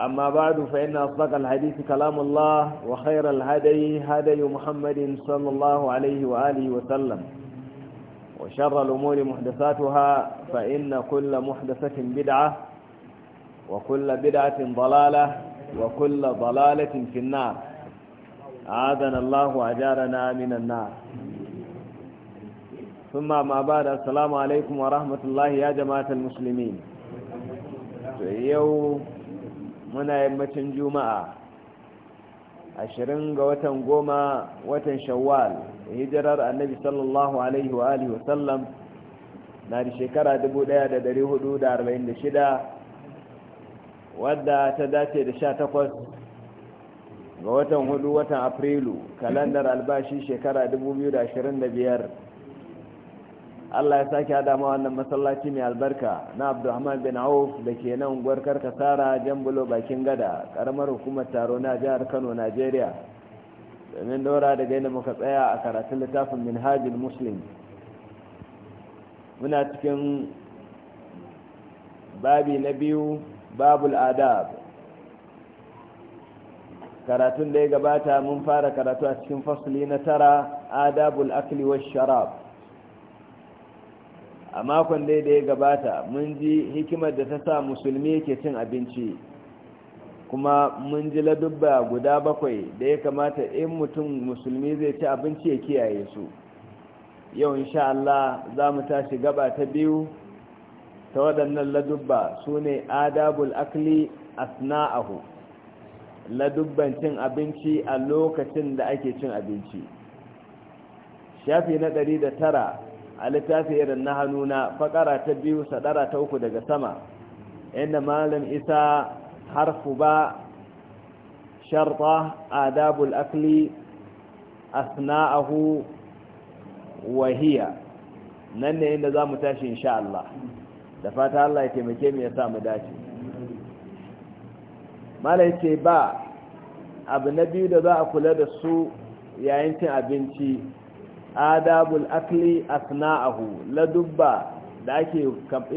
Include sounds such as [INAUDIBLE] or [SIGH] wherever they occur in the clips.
أما بعد فإن أصدق الحديث كلام الله وخير الهدي هدي محمد صلى الله عليه وآله وسلم وشر الأمور محدثاتها فإن كل محدثة بدعة وكل بدعة ضلالة وكل ضلالة في النار عادنا الله وأجارنا من النار ثم ما بعد السلام عليكم ورحمة الله يا جماعة المسلمين يوم muna yammacin juma'a ashirin ga watan goma watan shawwal hijirar annabi sallallahu alaihi wa alihi wasallam na da shekara 1446 wadda ta dace da 18 ga watan hudu watan afrilu kalandar albashi shekara 2025 Allah ya sake hada ma wannan masallaci mai albarka na Abdulrahman bin Auf da ke nan unguwar Karkasara Jambulo bakin gada karamar hukumar taro na jihar Kano Najeriya domin dora daga yadda muka tsaya a karatun littafin Minhajul Muslim muna cikin babi na biyu babul adab karatun da ya gabata mun fara karatu a cikin fasuli na tara adabul akli wash sharab a makon dai da ya gabata mun ji hikimar da ta sa musulmi yake cin abinci kuma mun ji ladubba guda bakwai da ya kamata in mutum musulmi zai ci abinci ya kiyaye su yau insha Allah za mu tashi gaba ta biyu ta waɗannan ladubba su ne adabul akli asna'ahu ladubban cin abinci a lokacin da ake cin abinci shafi na ɗari da tara. a littafi irin na hannuna fakara ta biyu sadara ta uku daga sama inda malam isa harfu ba sharta adabul akli asna'ahu wahiya nan ne inda za mu tashi insha Allah da fata Allah ya taimake mu ya sa mu dace malai ce ba abu na biyu da za a kula da su yayin cin abinci adabul akli asna'ahu la dubba da ake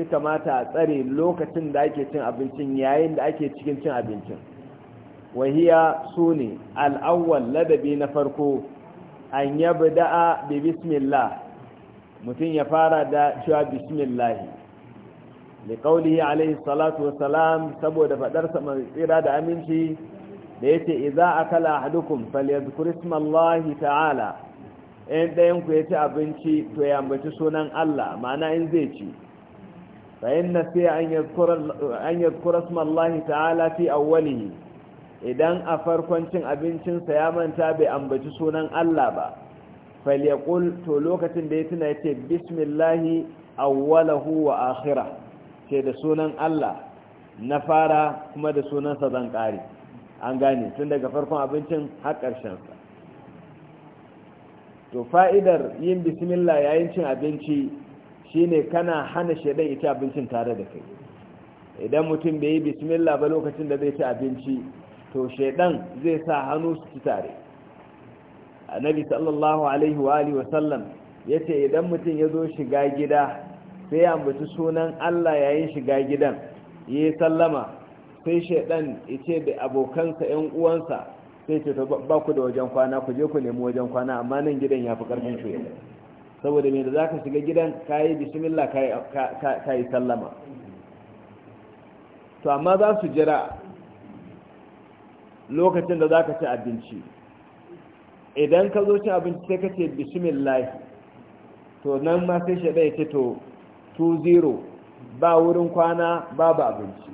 kamata a tsare lokacin da ake cin abincin yayin da ake cikin cin abincin wahiya su ne al'awwal ladabi na farko an yabi da'a bi bismillah mutum ya fara da cewa bismillah da kaulihi alaihi salatu wasalam saboda faɗarsa mai tsira da aminci da yace idza akala hadukum falyadhkur isma ta'ala in ɗayan ku ya ci abinci to ya ambaci sunan Allah ma'ana in zai ci fa inna sai an yadkura asmallahi ta'ala fi awwalihi idan a farkon cin sa ya manta bai ambaci sunan Allah ba falyaqul to lokacin da ya tuna yace bismillahi awwalahu wa akhirah ce da sunan Allah na fara kuma da sunan sa zan kare an gane tun daga farkon abincin har karshen sa. to fa'idar yin bismillah yayin cin abinci shine kana hana shaidan ita abincin tare da kai idan mutum bai yi bismillah ba lokacin da zai ci abinci to shaidan zai sa hannu su ci tare annabi sallallahu alaihi wa alihi wasallam ya ce idan mutum ya zo shiga gida sai ya mutu sunan allah yayin shiga gidan ya yi sallama sai shaidan ya ce da abokansa 'yan uwansa sai ce to ba ku da wajen kwana ku je ku nemi wajen kwana amma nan gidan ya fi ƙarfin ku saboda mai da za ka shiga gidan ka yi bismillah ka yi sallama to amma za su jira lokacin da za ka ci abinci idan ka zo cin abinci sai ka ce bismillah to nan ma sai shaɗa ya ce to 2-0 ba wurin kwana babu abinci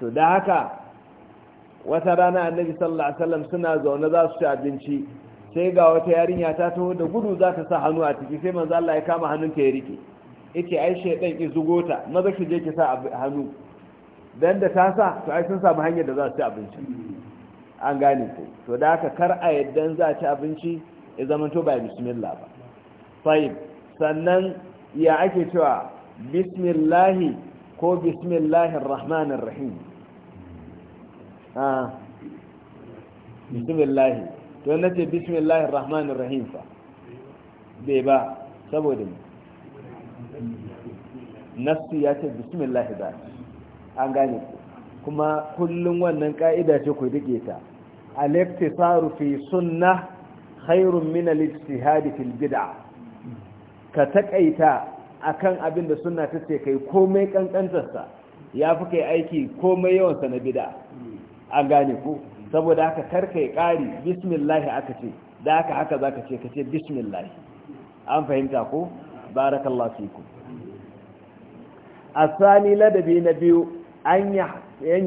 to da haka wata rana annabi sallallahu alaihi wasallam suna zaune za su ci abinci sai ga wata yarinya ta taho da gudu za ta sa hannu a ciki sai manzo Allah ya kama ta ya rike yace ai shedan ki zugo ta maza ki je ki sa hannu dan da ta sa to ai sun samu hanyar da za su ci abinci an gane ko to da haka kar a yaddan za a ci abinci ya to ba bismillah ba fa'id sannan ya ake cewa bismillah ko bismillahir rahmanir rahim a bismillahi to na ce bismillahi rahmanir rahim fa bai ba saboda ne nassu ya ce bismillahi ba an gane kuma kullum wannan ka'ida ce ku rike ta al-iktisaru fi sunna, khairun min al-ijtihadi fil bid'ah ka takaita akan abin da sunna ta ce kai komai kankantarsa ya fi kai aiki komai yawansa na bid'a an gane ku saboda haka karka ya ƙari bismillahi aka ce da haka haka za ka ce ka ce bismillahi an fahimta ku yi ku. a sani ladabi na biyu an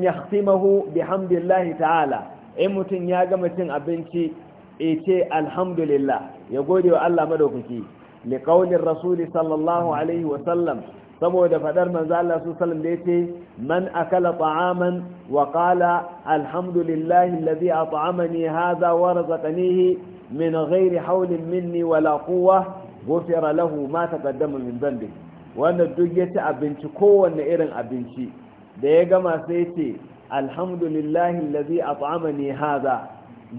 yahtimahu bihamdillahi ta'ala in mutum ya gama cin abinci e ce alhamdulillah ya gode wa Allah madaukaki liqaulir rasuli sallallahu alaihi wa sallam saboda faɗar manzo Allah su sallam da yace man akala ta'aman wa qala alhamdulillahi alladhi at'amani hadha wa razaqanihi min ghairi hawlin minni wala quwwa ghufira lahu ma taqaddama min dhanbi wannan duk yace abinci kowanne irin abinci da ya gama sai yace alhamdulillahi alladhi at'amani hadha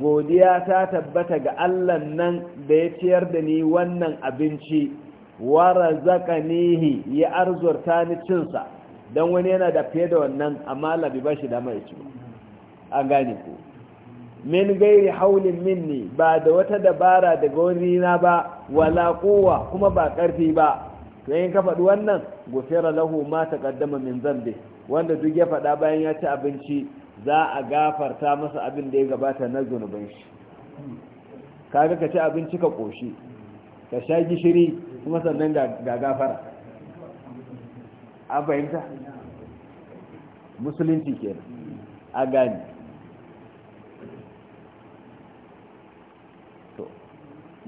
godiya ta tabbata ga Allah nan da ya ciyar da ni wannan abinci nihi ya arzurta ni cinsa dan wani yana da fiye da wannan amma labi ba shi dama ya ci an gane ko min gairi haulin minni ba da wata dabara daga wani na ba wala kowa kuma ba karfi ba to in ka faɗi wannan gufera lahu ma ta kaddama min zambe wanda duk ya faɗa bayan ya ci abinci za a gafarta masa abin da ya gabata na zunubin shi kaga ka ci abinci ka koshi ka sha gishiri kuma sannan ga gafara an fahimta musulunci ke a gani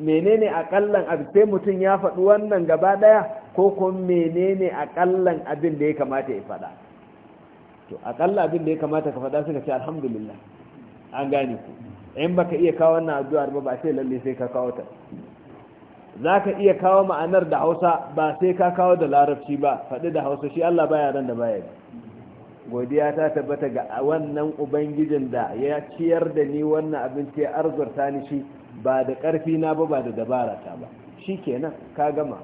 menene akallan abin sai mutum ya faɗi wannan gaba ɗaya ko kuma menene akallan abin da ya kamata ya faɗa to akalla abin da ya kamata ka faɗa suka ce alhamdulillah an gane ku in baka iya kawo wannan addu'ar ba ba sai lalle sai ka kawo ta za ka iya kawo ma'anar da hausa ba sai ka kawo da larabci ba faɗi da hausa shi allah baya ran da baya godiya ta tabbata ga wannan ubangijin da ya ciyar da ni wannan abinci ya arzurta ni shi ba da ƙarfi na ba ba da dabara ta ba shi kenan ka gama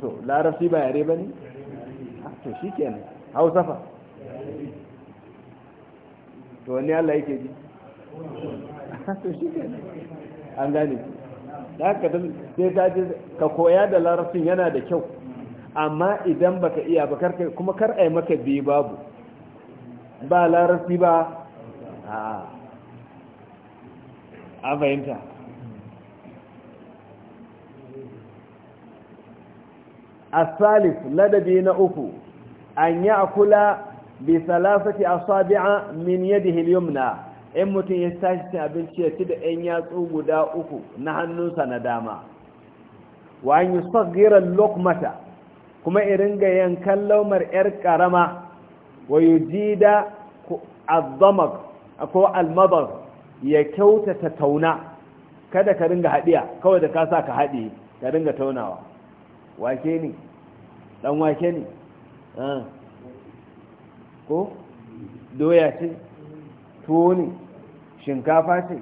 to larabci ba yare ba ne? to shi kenan hausa fa to wani allah yake ji? [LAUGHS] to shi kenan an gane ku da haka don sai ka koya da larafin yana da kyau amma idan baka iya ba karka kuma kar a yi maka biyu babu ba larafi ba a fahimta a salif ladabi na uku an yi akula bi lasa ke asabi'a min yadda hilyum na in mutum ya tashi cin abinci ya ci da ɗan yatsu guda uku na hannunsa na dama wa an yi tsagiran lokmata kuma irin ga yankan laumar 'yar ƙarama wa yi ji da azamak ko almabar ya kyautata tauna kada ka ringa haɗiya kawai da ka sa ka haɗi ka ringa taunawa wake ne ɗan wake ne ah. ko doya ce tuwo ne shinkafa ce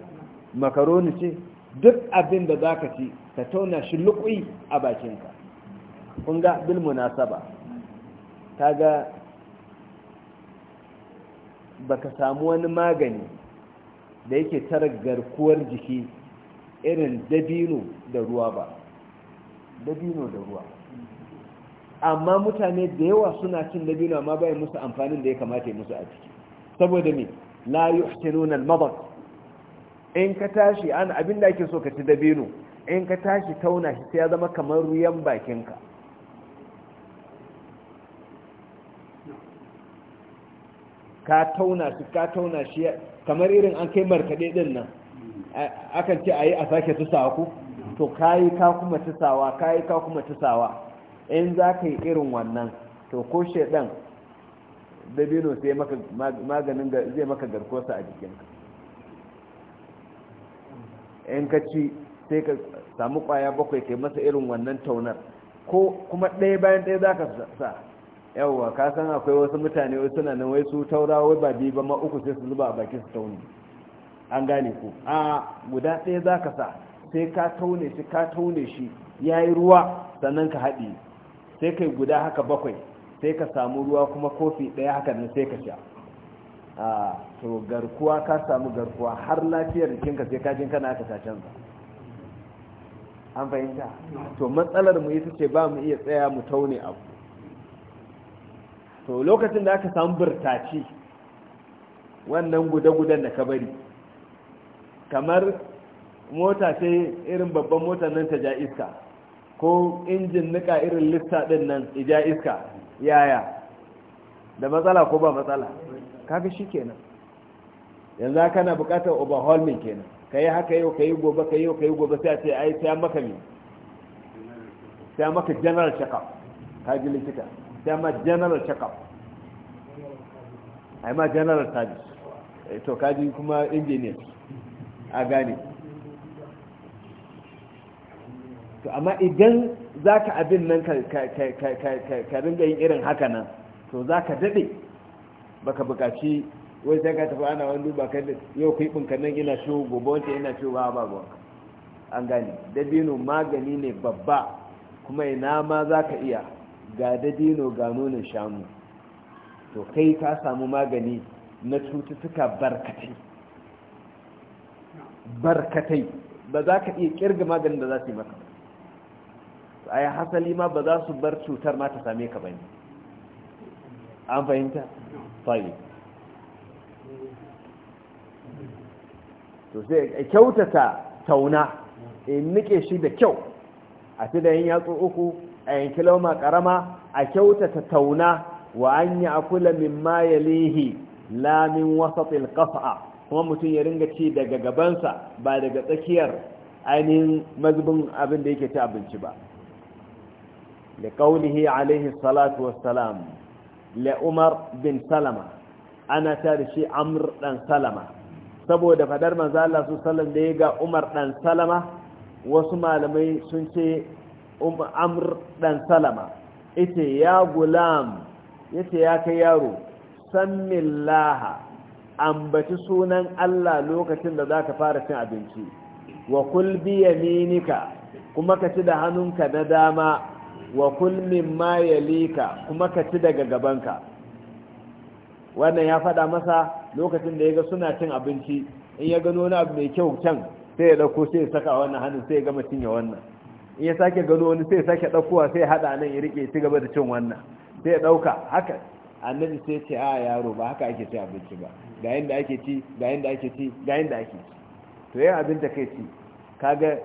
makaroni ce duk abin da za ka ci ka tauna shi lukui a bakinka ƙunga bil munasaba ta ga baka samu wani magani da yake tara garkuwar jiki irin dabino da ruwa ba dabino da ruwa amma mutane da yawa suna cin dabino amma bayan musu amfanin da ya kamata ya musu a ciki saboda me la yuhsinuna al-madad in ka tashi an abin da ake so ka ci dabino in ka tashi tauna shi sai ya zama kamar ruyan bakinka ka tauna shi ka tauna shi kamar irin an kai markaɗe ɗin nan akan ce a yi a sake tusawa ku to kai ka kuma tusawa kai ka kuma tusawa in za ka yi irin wannan to ko shedan dabino sai maka maganin zai maka garkosa a jikinka in ka ci sai ka samu kwaya bakwai kai masa irin wannan taunar ko kuma ɗaya bayan ɗaya za ka sa yawwa ka san akwai wasu mutane wai suna nan wai su taurawa ba biyu ba ma uku sai su zuba a bakin su tauni an gane ku a guda ɗaya za ka sa sai ka taune shi ka taune shi ya yi ruwa sannan ka haɗi sai kai guda haka bakwai sai ka samu ruwa kuma kofi ɗaya haka nan sai ka sha a to garkuwa ka samu garkuwa har lafiyar jikinka sai ka jin kana ka sace canza an fahimta to matsalar mu ita ce ba mu iya tsaya mu taune abu to lokacin da aka samu burtaci wannan guda-gudan da ka bari kamar mota sai irin babban mota nan ta ja iska ko injin nika irin lista din nan ija iska yaya da matsala ko ba matsala kaga shi kenan yanzu na bukatar overhaulin kenan ka yi haka yau ka yi gobe ka yi yau ka yi gobe sai a ce ai sai maka mi sai maka general check-up ka ji likita sai ma general check-up ai ma general service eh, to kaji kuma engineer a gane to amma idan za ka abin nan ka ringa yin irin haka nan to za ka daɗe ba ka buƙaci wai sai ka tafi ana wani duba kan yau kai kan nan ina ciwo gobe wancan ina ciwo ba ba ba an gani dabino magani ne babba kuma ina ma za ka iya ga dabino ga nunin shanu to kai ka samu magani na cututtuka barkatai barkatai ba za ka iya kirga maganin da za su yi maka ai hasali ma ba za su bar cutar ma ta same ka bane an fahimta fahim to sai kyautata tauna in nike shi da kyau a ci da yin yatsu uku a yanki lauma karama a kyautata tauna wa an yi akula min ma ya lihi lamin wasatil kuma mutum ya ringa ci daga gabansa ba daga tsakiyar ainihin mazubin abin da yake ci abinci ba لقوله عليه الصلاة والسلام لعمر بن سلمة أنا تارشي عمر بن سلمة سبو دفدر من ذا الله صلى الله عليه وسلم عمر بن سلمة وسمع لمي سنشي عمر بن سلمة إتي يا غلام إتي يا كيارو سم الله ambaci sunan Allah lokacin da za ka fara cin abinci wa kul bi yaminika kuma ka ci da hannunka na dama wa kulmin ma yalika kuma ka ci daga gabanka wannan ya faɗa masa lokacin da ya ga suna cin abinci in ya gano wani abu mai kyau can sai ya ɗauko sai ya saka wannan hannun sai ya gama cinye wannan in ya sake gano wani sai ya sake ɗaukowa sai ya haɗa nan ya riƙe ci gaba da cin wannan sai ya ɗauka haka annabi sai ce a yaro ba haka ake cin abinci ba ga yanda ake ci ga yanda ake ci ga yanda ake ci to yayin abin da kai ci kaga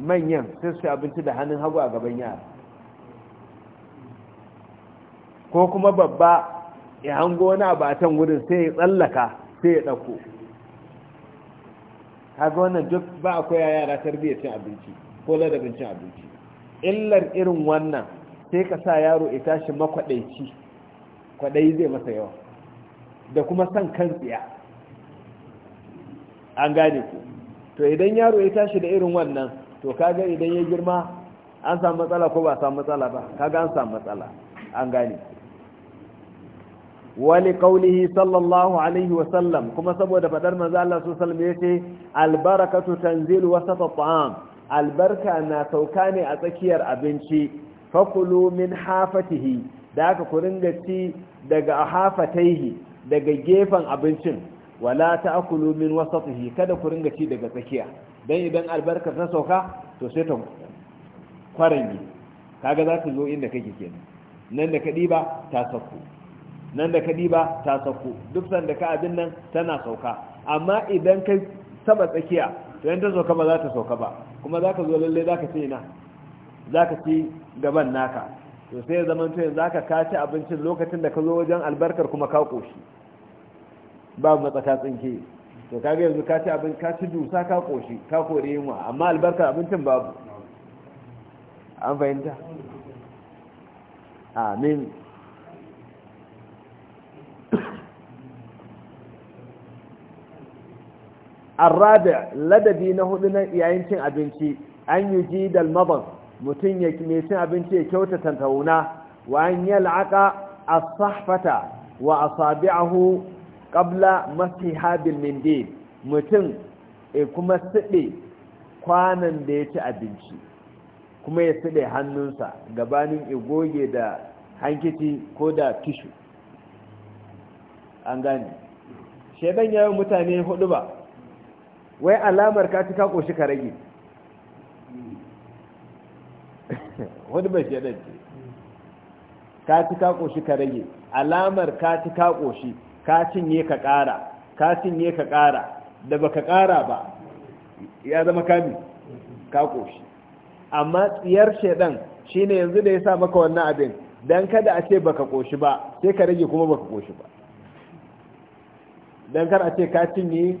manyan sai su abinci da hannun hagu a gaban yara ko kuma babba ya hango wani abu a can wurin sai ya tsallaka sai ya ɗauko haka wannan duk ba a koya yara tarbiyyar cin abinci ko ladabin cin abinci illar irin wannan sai ka sa yaro ya tashi makwaɗaici kwaɗayi zai masa yawa da kuma san kan tsiya an gane ku to idan yaro ya tashi da irin wannan to kaga idan ya girma an samu matsala ko ba samu matsala ba kaga an samu matsala an gane ku wali qawlihi sallallahu alaihi wasallam kuma saboda faɗar manzo Allah sallallahu alaihi yace albarakatu tanzilu albarka na sauka ne a tsakiyar abinci fakulu min hafatihi da aka ku ci daga hafataihi daga gefen abincin wala ta'kulu min wasatihi kada ku ci daga tsakiya don idan albarka ta sauka to sai ta kwarangi kaga za ta zo inda kake kenan nan da ka diba ta sauka nan da ka diba ta sauko duk sanda ka abin nan tana sauka amma idan ka saba tsakiya to yan ta sauka ba za ta sauka ba kuma za ka zo lalle za ka ce na za ka ci gaban naka to sai zaman to za ka kaci abincin lokacin da ka zo wajen albarkar kuma ka koshi babu matsaka tsinke to kaga yanzu ka ci abin ka ci dusa ka koshi ka kore yunwa amma albarkar abincin babu an fahimta amin الرابع لدبي نهدنا يعينشن أبنتي أن يجيد المضغ متن يكميشن أبنتي كوتة تونا وأن يلعق الصحفة وأصابعه قبل مسحها بالمنديل متن كما سئلي kwanan ديت أبنتي كما abinci kuma ya tsile hannunsa gabanin igoge da hankici ko da tishu an gane shaidan mutane hudu ba wai alamar ka ci ka koshi ka rage wani bai shaidar ce ka ci ka koshi ka rage alamar ka ci ka koshi ka cinye ka kara ka cinye ka kara da baka kara ba ya zama kami ka koshi amma tsiyar shaidan shine yanzu da ya sa maka wannan abin don kada a ce baka koshi ba sai ka rage kuma baka koshi ba don kar a ce ka cinye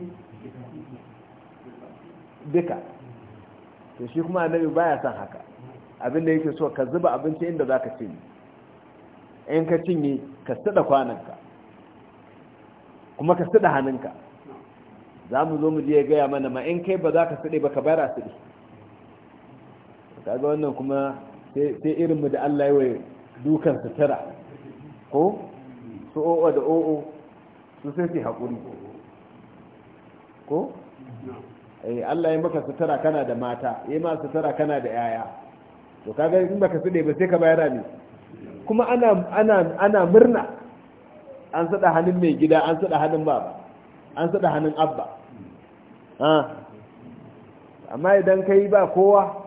duka to shi kuma annabi baya son haka abinda yake so ka zuba abinci inda za ka cinye in ka cinye ka tsada kwananka kuma ka tsada hannunka za mu zo mu je gaya mana ma in kai ba za ka tsade ba ka bara a kaga wannan kuma sai irin mu da allah yawai dukan sutura ko su o'o da o'o su sai su haƙuri ko Eh, Allah ya maka sutura kana da mata ya ma sutura kana da yaya to kaga in baka sude ba sai ka bayar ne kuma ana ana ana murna an sada hannun mai gida an sada hannun baba an sada hannun abba amma idan kai ba kowa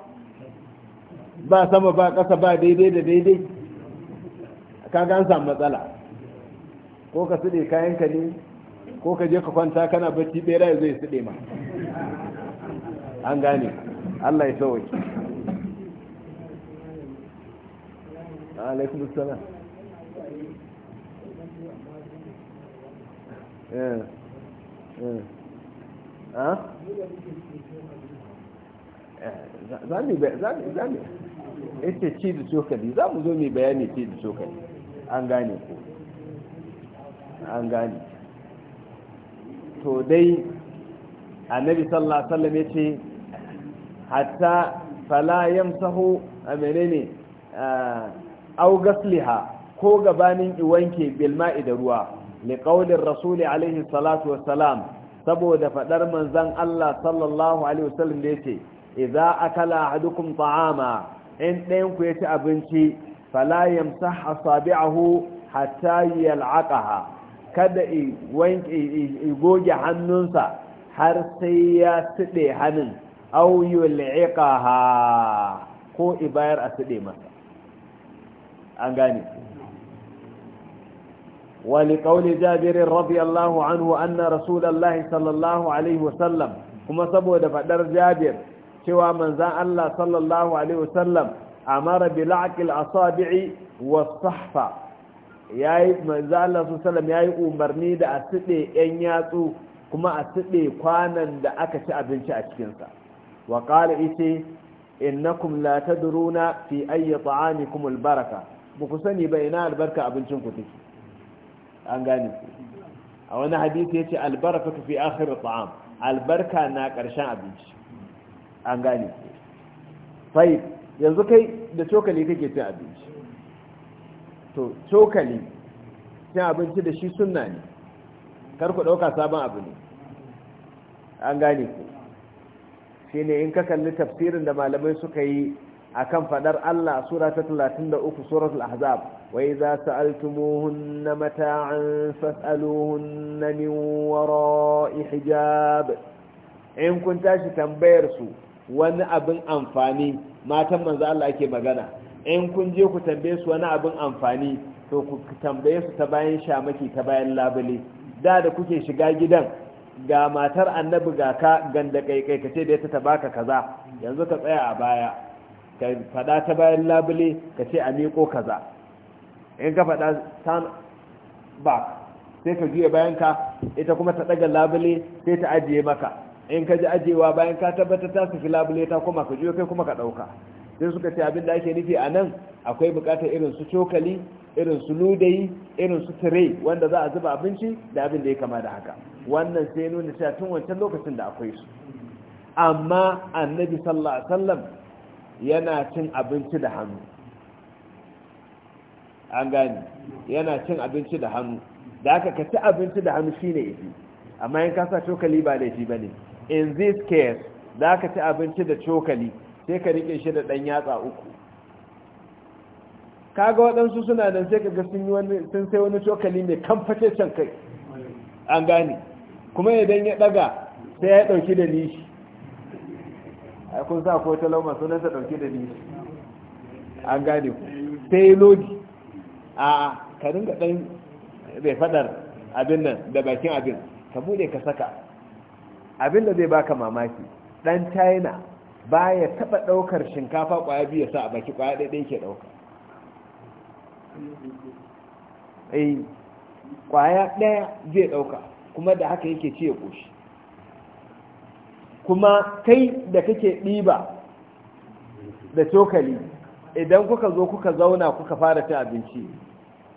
ba sama ba ƙasa ba daidai da daidai ga an samu matsala ko ka sude kayanka ne ko ka je ka kwanta kana bacci bera zai sude ma an gane Allah ya sauwaki alaikum salam eh, eh. Eh, za mu ita ci da cokali za mu zo mai bayani ci da cokali an gane ko an gane to dai annabi sallallahu alaihi wasallam ya ce hatta fala yamsahu a menene au ko gabanin iwanke bilma'i da ruwa liqaulir rasuli alaihi salatu wassalam saboda fadar manzon Allah sallallahu alaihi wasallam da yace idza akala ahadukum ta'ama in dayan ku ci abinci fala yamsah asabi'ahu hatta yal'aqaha kada i i goge hannunsa har sai ya tside hannun aw ha ko ibayar a tsade masa an gane ولقول جابر رضي الله عنه أن رسول الله صلى الله عليه وسلم كما سبو دفدر جابر allah من ذا الله صلى الله عليه وسلم أمر بلعك الأصابع والصحفة yayi Allah sallallahu yayi umarni da a tsitse yan yatsu kuma a tsitse kwanan da aka ci abinci a cikinsa. wa qala ite innakum la tadruna fi ayyi ta'amikum albaraka ku sani ba ina albarka abincin ku take an gane a wani hadisi yace albaraka fi akhir ta'am albarka na karshen abinci an gane sai yanzu kai da cokali kake cin abinci to cokali cin abinci da shi sunna ne kar ku dauka sabon abu ne an gane ne in ka kalli tafsirin da malamai suka yi a kan faɗar Allah sura ta 33 suratul ahzab su idza sa'altumuhunna mata'an fas'aluhunna waro wara'i hijab in kun tashi tambayar wani abin amfani matan manzo Allah ake magana in kun je ku tambaye su wani abin amfani to ku tambaye su ta bayan shamaki ta bayan labule da da kuke shiga gidan ga matar annabi ga ka ganda kaikai ka ce da ita ta ka kaza yanzu ka tsaya a baya ka fada ta bayan labule ka ce a miƙo kaza in ka fada turn back sai ka juya bayan ka ita kuma ta daga labule sai ta ajiye maka in ka ji ajiyewa bayan ka tabbatar ta su labule ta kuma ka juya kai kuma ka ɗauka sai suka ce abin da ake nufi a nan akwai bukatar irin su cokali irin su ludayi irin su tire wanda za a zuba abinci da abin da ya kama da haka wannan sai ya nuna cewa tun wancan lokacin da akwai su amma annabi sallallahu alaihi wasallam yana cin abinci da hannu an gane yana cin abinci da hannu da aka ka ci abinci da hannu shine yafi amma in ka sa cokali ba laifi bane in this case da ka ci abinci da cokali sai ka rike shi da ɗan yatsa uku kaga waɗansu suna nan sai ka sun yi wani sun sai wani cokali mai kamface can kai an gane kuma idan ya ɗaga sai ya ɗauki da nishi a kun sa ko ta lauma sunan ta ɗauki da nishi an gane ku sai ya lodi a ka dinga ɗan bai faɗar abin nan da bakin abin ka bude ka saka abin da zai baka mamaki ɗan china ba ya taɓa ɗaukar shinkafa ƙwaya biyu ya sa a baki ƙwaya ɗaiɗai ke ɗauka eh, ƙwaya ɗaya zai ɗauka kuma da haka yake ce ya ƙoshi kuma kai da kake ɗiba da cokali idan kuka zo kuka zauna kuka fara ci abinci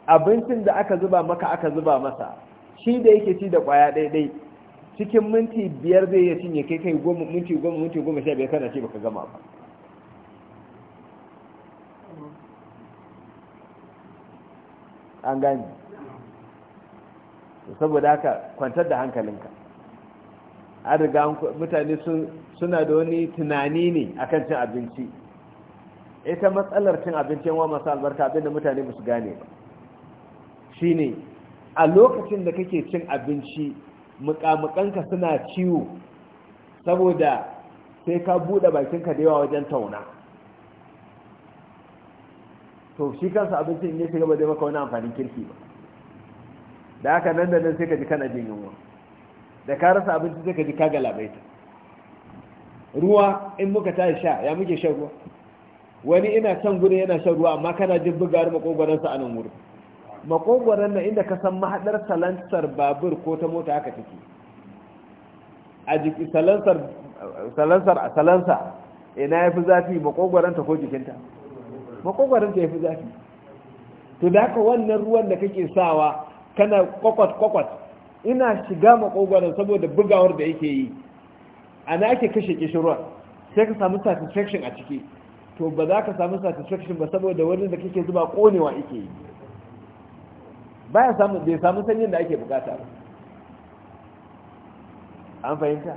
abincin da aka zuba maka aka zuba masa shi da yake ci da ƙwaya ɗaiɗai cikin minti biyar zai iya cinye kai kai goma minti goma minti goma sha biyar kana ce baka gama ba an gani saboda haka kwantar da hankalinka an riga mutane suna da wani tunani ne akan cin abinci ita matsalar cin abinci wa masu albarka abinda mutane musu gane ba ne, a lokacin da kake cin abinci mukamukanka suna ciwo saboda sai ka buɗe bakinka da yawa wajen tauna to shi kansa abincin ne shiga ba da maka wani amfanin kirki ba da haka nan da nan sai ka ji kana jin yunwa da ka rasa abinci sai ka ji ka labaita. ruwa in muka ta sha ya muke shan ruwa wani ina can gudun yana shan ruwa amma kana jin bugawar makogwaransa a nan wurin makogwaron na inda ka san mahaɗar salansar babur ko ta mota haka take a jiki salansar salansar salansa ina ya fi zafi makogwaron ta ko jikinta makogwaron ta ya fi zafi to da haka wannan ruwan da kake sawa kana kwakwat kwakwat ina shiga makogwaron saboda bugawar da yake yi ana ake kashe kishirwa sai ka samu satisfaction a ciki to ba za ka samu satisfaction ba saboda wani da kake zuba konewa yake yi baya samu bai samu sanyin da ake bukata ba an fahimta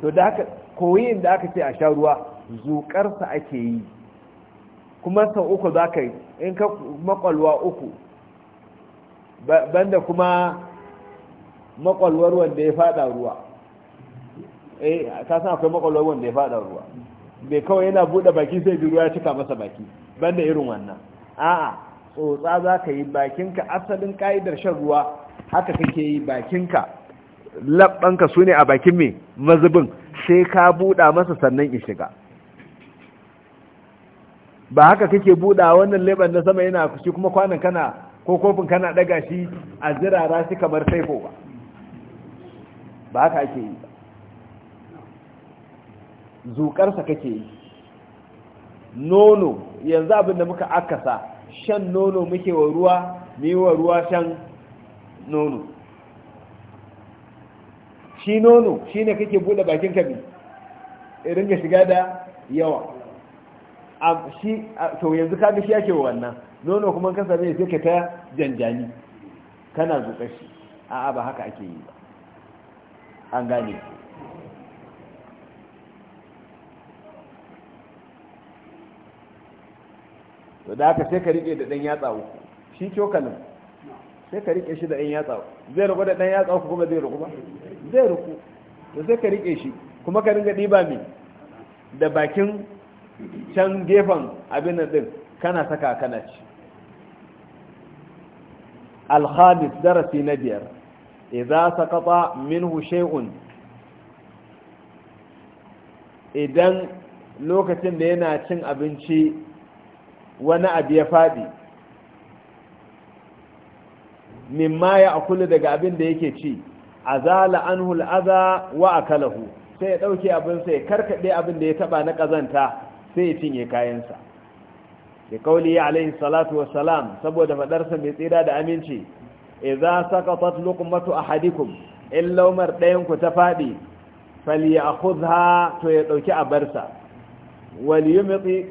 to da haka koyin da aka ce a sha ruwa zukar sa ake yi kuma sau uku za ka yi in ka makwalwa uku banda kuma makwalwar wanda ya fada ruwa eh ka san akwai makwalwar wanda ya fada ruwa bai kawai yana buɗe baki sai ruwa ya cika masa baki banda irin wannan a'a tsotsa za ka yi bakinka asalin ka'idar shan ruwa haka kake yi bakinka labbanka su ne a bakin mai mazubin sai ka buɗa masa sannan in shiga ba haka kake buɗa wannan leban na sama yana kushi kuma kwanan kana ko kofin kana ɗaga shi a zirara shi kamar saifo ba ba haka ake yi ba zuƙarsa kake yi nono yanzu abin da muka akasa shan nono muke wa ruwa ni wa ruwa shan nono shi nono shi ne kake buɗe bakin kabi irin ga shiga da yawa shi to yanzu kaga shi yake wannan nono kuma kasa ne sai ka ta janjani kana zuƙa shi a'a ba haka ake yi ba an gane ku to da aka sai ka rike da dan yatsa uku shi cokalin sai ka rike shi da dan yatsa uku zai ruku da dan yatsa uku kuma zai ruku ba zai ruku to sai ka rike shi kuma ka ringa diba mi da bakin can gefen abin nan din kana saka kana ci alhamis darasi na biyar idza saqata minhu shay'un idan lokacin da yana cin abinci wani abu ya faɗi mimma ya akulu daga abin da yake ci azala anhu hul'aza wa a kalahu, sai ya ɗauke abinsa sai ya karkaɗe abin da ya taɓa na ƙazanta sai ya cinye kayansa da kauli alayhi salatu wa salam saboda faɗarsa mai tsira da aminci saka idza matu a hadikun in laumar ɗayan ku ta faɗi, fali a to ya ɗauki a barsa wali yi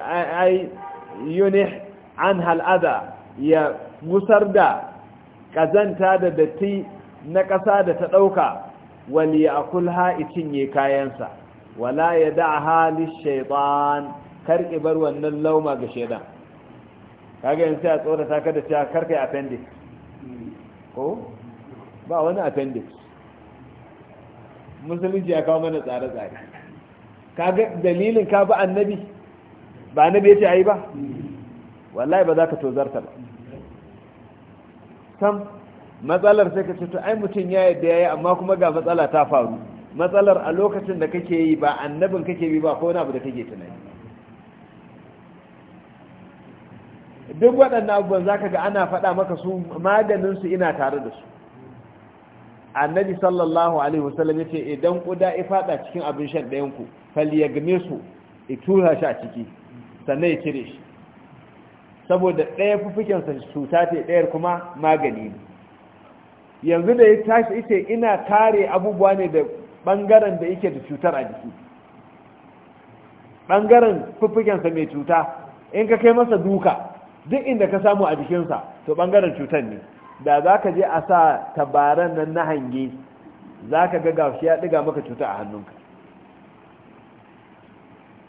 ay yunih an hal'ada ya musar da ƙazanta da datti na ƙasa da ta ɗauka wali ya itin ye kayansa wala ya da halin kar karki bar wannan lauma ga shaidan kaga yin a tsorata ta kada ta karkai appendix ko ba wani appendix musulunci ya kawo mana tsare-tsare kaga dalilin ka bi annabi ba ce a ayi ba wallahi ba za ka tozarta ba sam matsalar sai ka ce to ai mutum ya ya yi amma kuma ga matsala ta faru matsalar a lokacin da kake yi ba annabin kake bi ba ko wani abu da kake tunani duk waɗannan abubuwan za ka ga ana faɗa maka su maganinsu ina tare da su annabi sallallahu alaihi wasallam ya ce idan ƙuda ya faɗa cikin abin shan ku, fal ya game su tura shi a ciki sannan ya cire shi saboda ɗaya fufukensa cuta ce ɗayar kuma magani ne yanzu da ya tashi ita ina kare abubuwa ne da ɓangaren da yake da cutar a jiki ɓangaren fufukensa mai cuta in ka kai masa duka duk inda ka samu a jikinsa to ɓangaren cutar ne da za ka je a sa tabaran nan na hange za ka ga gashi ya ɗiga maka cuta a hannunka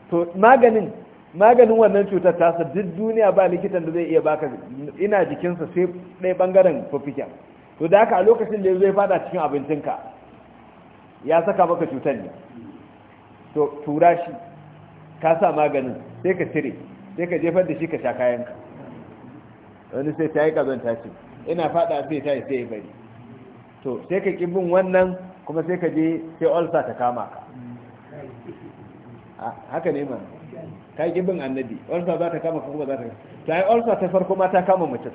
to maganin maganin wannan cutar tasa duk duniya ba likitan da zai iya baka ina jikinsa sai ɗaya ɓangaren fafikin to da haka a lokacin da zai fada cikin abincinka ya saka maka cutar ne to tura shi ka sa maganin sai ka cire sai ka jefar da shi ka sha kayanka wani sai ta yi ƙazanta ce ina fada sai ta yi sai ya bari to sai ka ƙi bin wannan kuma sai ka je sai olsa ta kama ka haka ne mana ka yi bin annabi ulcer za ta kama kuma ba za ta kama ta yi ulcer ta farko ma ta kama mutum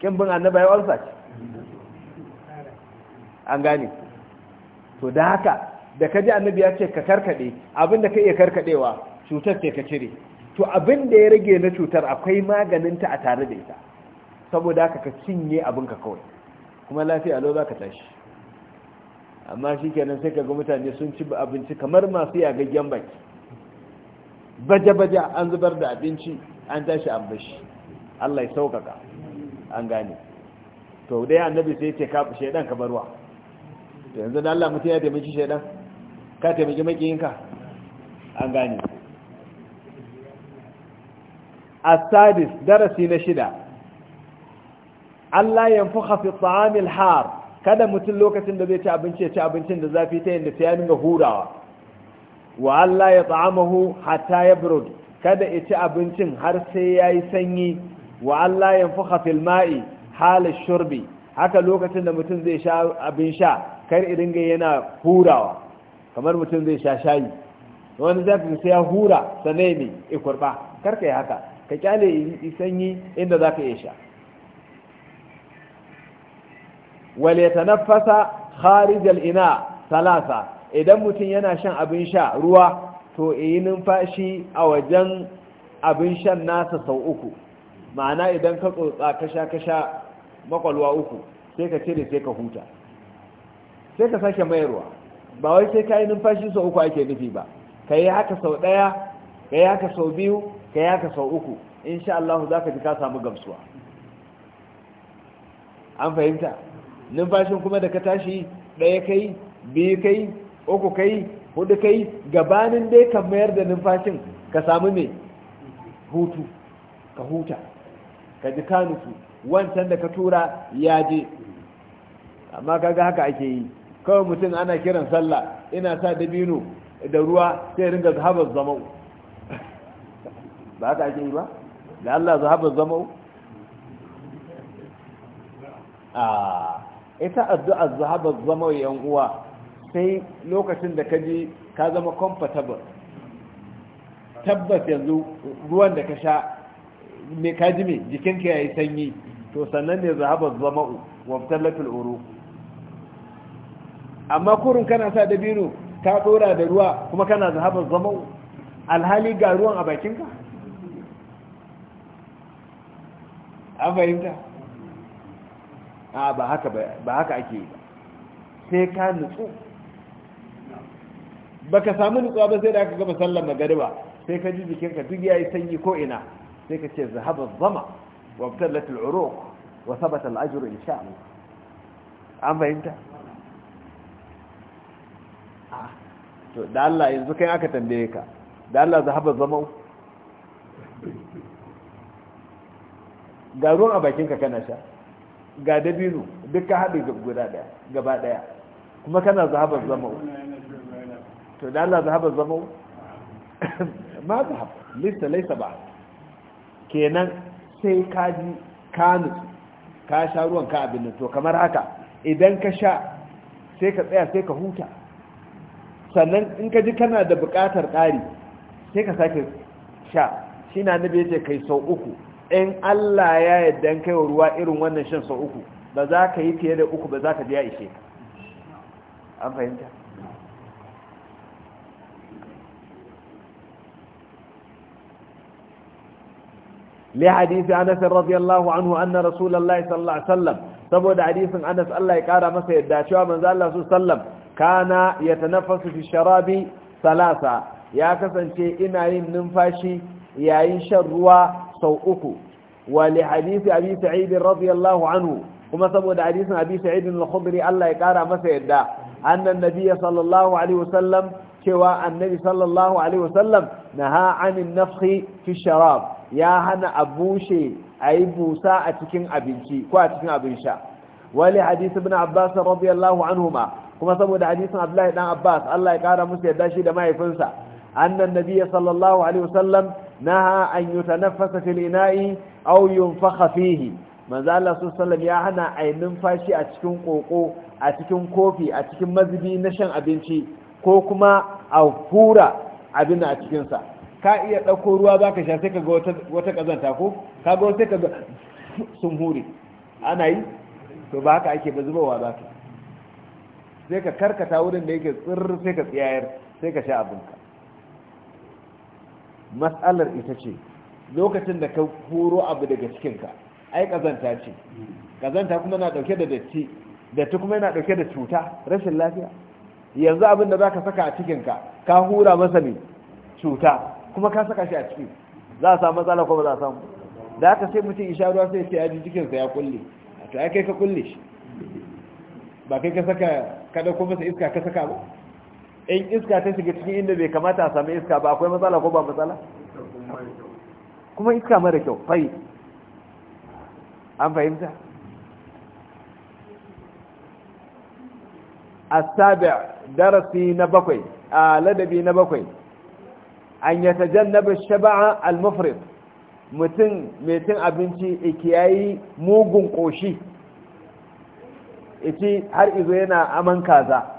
kin bin annabi ya ulcer ce an gane to da haka da ka ji annabi ya ce ka karkade abinda ka iya karkadewa cutar ce ka cire to abin da ya rage na cutar akwai maganinta a tare da ita saboda haka ka cinye abinka kawai kuma lafiya lo za ka tashi amma shi kenan sai ka ga mutane sun ci abinci kamar masu yagaggen baki baje-baje an zubar da abinci an tashi an bashi Allah ya sauƙaƙa an gane to dai annabi sai ce ka shaidan ka barwa to yanzu da Allah mutum ya taimaki shaidan ka taimaki makiyinka an gane asadis darasi na shida Allah ya fi ta'amil har kada mutum lokacin da zai ci abinci ya ci abincin da zafi ta yanda sai ya dinga hurawa wa Allah ya ta'amahu hatta ya burud kada ya ci abincin har sai ya yi sanyi wa Allah ya fuka ma'i halin shurbi haka lokacin da mutum zai sha abin sha kar ga yana hurawa kamar mutum zai sha shayi wani zafi sai ya hura sanai ne ikurba karka yi haka ka kyale sanyi inda za ka iya sha wale ta nafasa kharijal ina talasa idan mutum yana shan abin sha ruwa to yi numfashi a wajen abin shan nasa sau uku ma'ana idan ka tsotsa kasha kasha makwalwa uku sai ka cire sai ka huta sai ka sake mayarwa ba wai sai ka yi numfashi sau uku ake nufi ba ka yi haka sau ɗaya ka yi haka sau biyu ka yi haka sau uku sha Allah za ka ji ka samu gamsuwa an fahimta numfashin kuma da ka tashi ɗaya kai biyu kai uku kai hudu kai gabanin dai ka mayar da numfashin ka samu mai hutu ka huta ka ji kanusu wancan da ka tura ya je amma kaga haka ake yi kawai mutum ana kiran sallah ina sa dabino da ruwa sai ringa zahabar zama'u ba haka ake yi ba da Allah zahabar zama'u a ah, ita addu'ar zahabar zama'u yan uwa sai lokacin da ka ji ka zama comfortable tabbas yanzu ruwan da ka sha mai kaji mai jikinka ya yi sanyi to sannan ne zahaba zama'u wabtallatul uru amma kurin kana sa dabino ka tsora da ruwa kuma kana zahaba zama'u alhali ga ruwan a bakinka an fahimta a ba haka ake yi ba sai ka nutsu baka samu nutsuwa ba sai da aka gama sallar magariba sai ka ji jikinka duk yayi sanyi ko ina sai ka ce zahaba zama wa abtallat al-uruq wa thabata al-ajru insha Allah an fahimta ah, to da Allah yanzu kai aka tambaye ka da Allah zahaba zama ga ruwan a bakinka kana sha ga dabino duk ka haɗe guda ɗaya gaba ɗaya kuma kana zahabar zama to da Allah zahaba zamo ma zahab lista laisa ba kenan sai ka ji ka nutsu ka sha ruwan ka abin nan to kamar haka idan ka sha sai ka tsaya sai ka huta sannan in ka ji kana da buƙatar ƙari sai ka sake sha shi na nabi yace kai sau uku in Allah ya yarda kai wa ruwa irin wannan shan sau uku ba za ka yi fiye da uku ba za ka je ya ishe ka an fahimta لحديث أنس رضي الله عنه أن رسول الله صلى الله عليه وسلم سبب حديث أنس الله يقارى مسا يداشوا من ذا الله صلى الله عليه وسلم كان يتنفس في الشراب ثلاثة يا كسن شيء إنعين ننفاشي يعين شروا سوءكو ولحديث أبي سعيد رضي الله عنه كما سبب حديث أبي سعيد الخضري الله يقارى مسا يدا أن النبي صلى الله عليه وسلم شوى النبي صلى الله عليه وسلم نهى عن النفخ في الشراب ya hana a bushe a yi busa a cikin abinci ko a cikin abin sha wali hadisi bin abbas radiyallahu anhuma kuma saboda hadisin abdullahi dan abbas Allah ya kara musu yadda shi da mahaifinsa annan nabiyyi sallallahu alaihi wasallam naha an yutanaffasa fil ina'i aw yunfakha fihi manzo Allah sallallahu ya hana a yi numfashi a cikin koko a cikin kofi a cikin mazubi na shan abinci ko kuma a hura abin a cikinsa ka iya ɗauko ruwa za ka sha sai ka ga wata ƙazanta ko ka ga sai ka ga sun hure ana yi to ba haka ake ba zubawa za ka sai ka karkata wurin da yake tsirr sai ka tsiyayar sai ka sha abinka matsalar ita ce lokacin da ka horo abu daga cikinka ai ƙazanta ce ƙazanta kuma na ɗauke da datti datti kuma yana ɗauke da cuta rashin lafiya yanzu abin da za ka saka a cikinka ka hura masa ne cuta kuma ka saka shi a ciki za a samu matsala ko ba za a samu da aka sai mutum isha ruwa sai sai ya ji jikinsa ya kulle to ai kai ka kulle shi ba kai ka saka kada ko masa iska ka saka ba in iska ta shiga cikin inda bai kamata a sami iska ba akwai matsala ko ba matsala kuma iska mara kyau fai an fahimta asabi darasi na bakwai a ladabi na bakwai an ya tajannaba shaba'a al-mufrid mutum mai cin abinci ikiyayi mugun koshi ici har izo yana aman kaza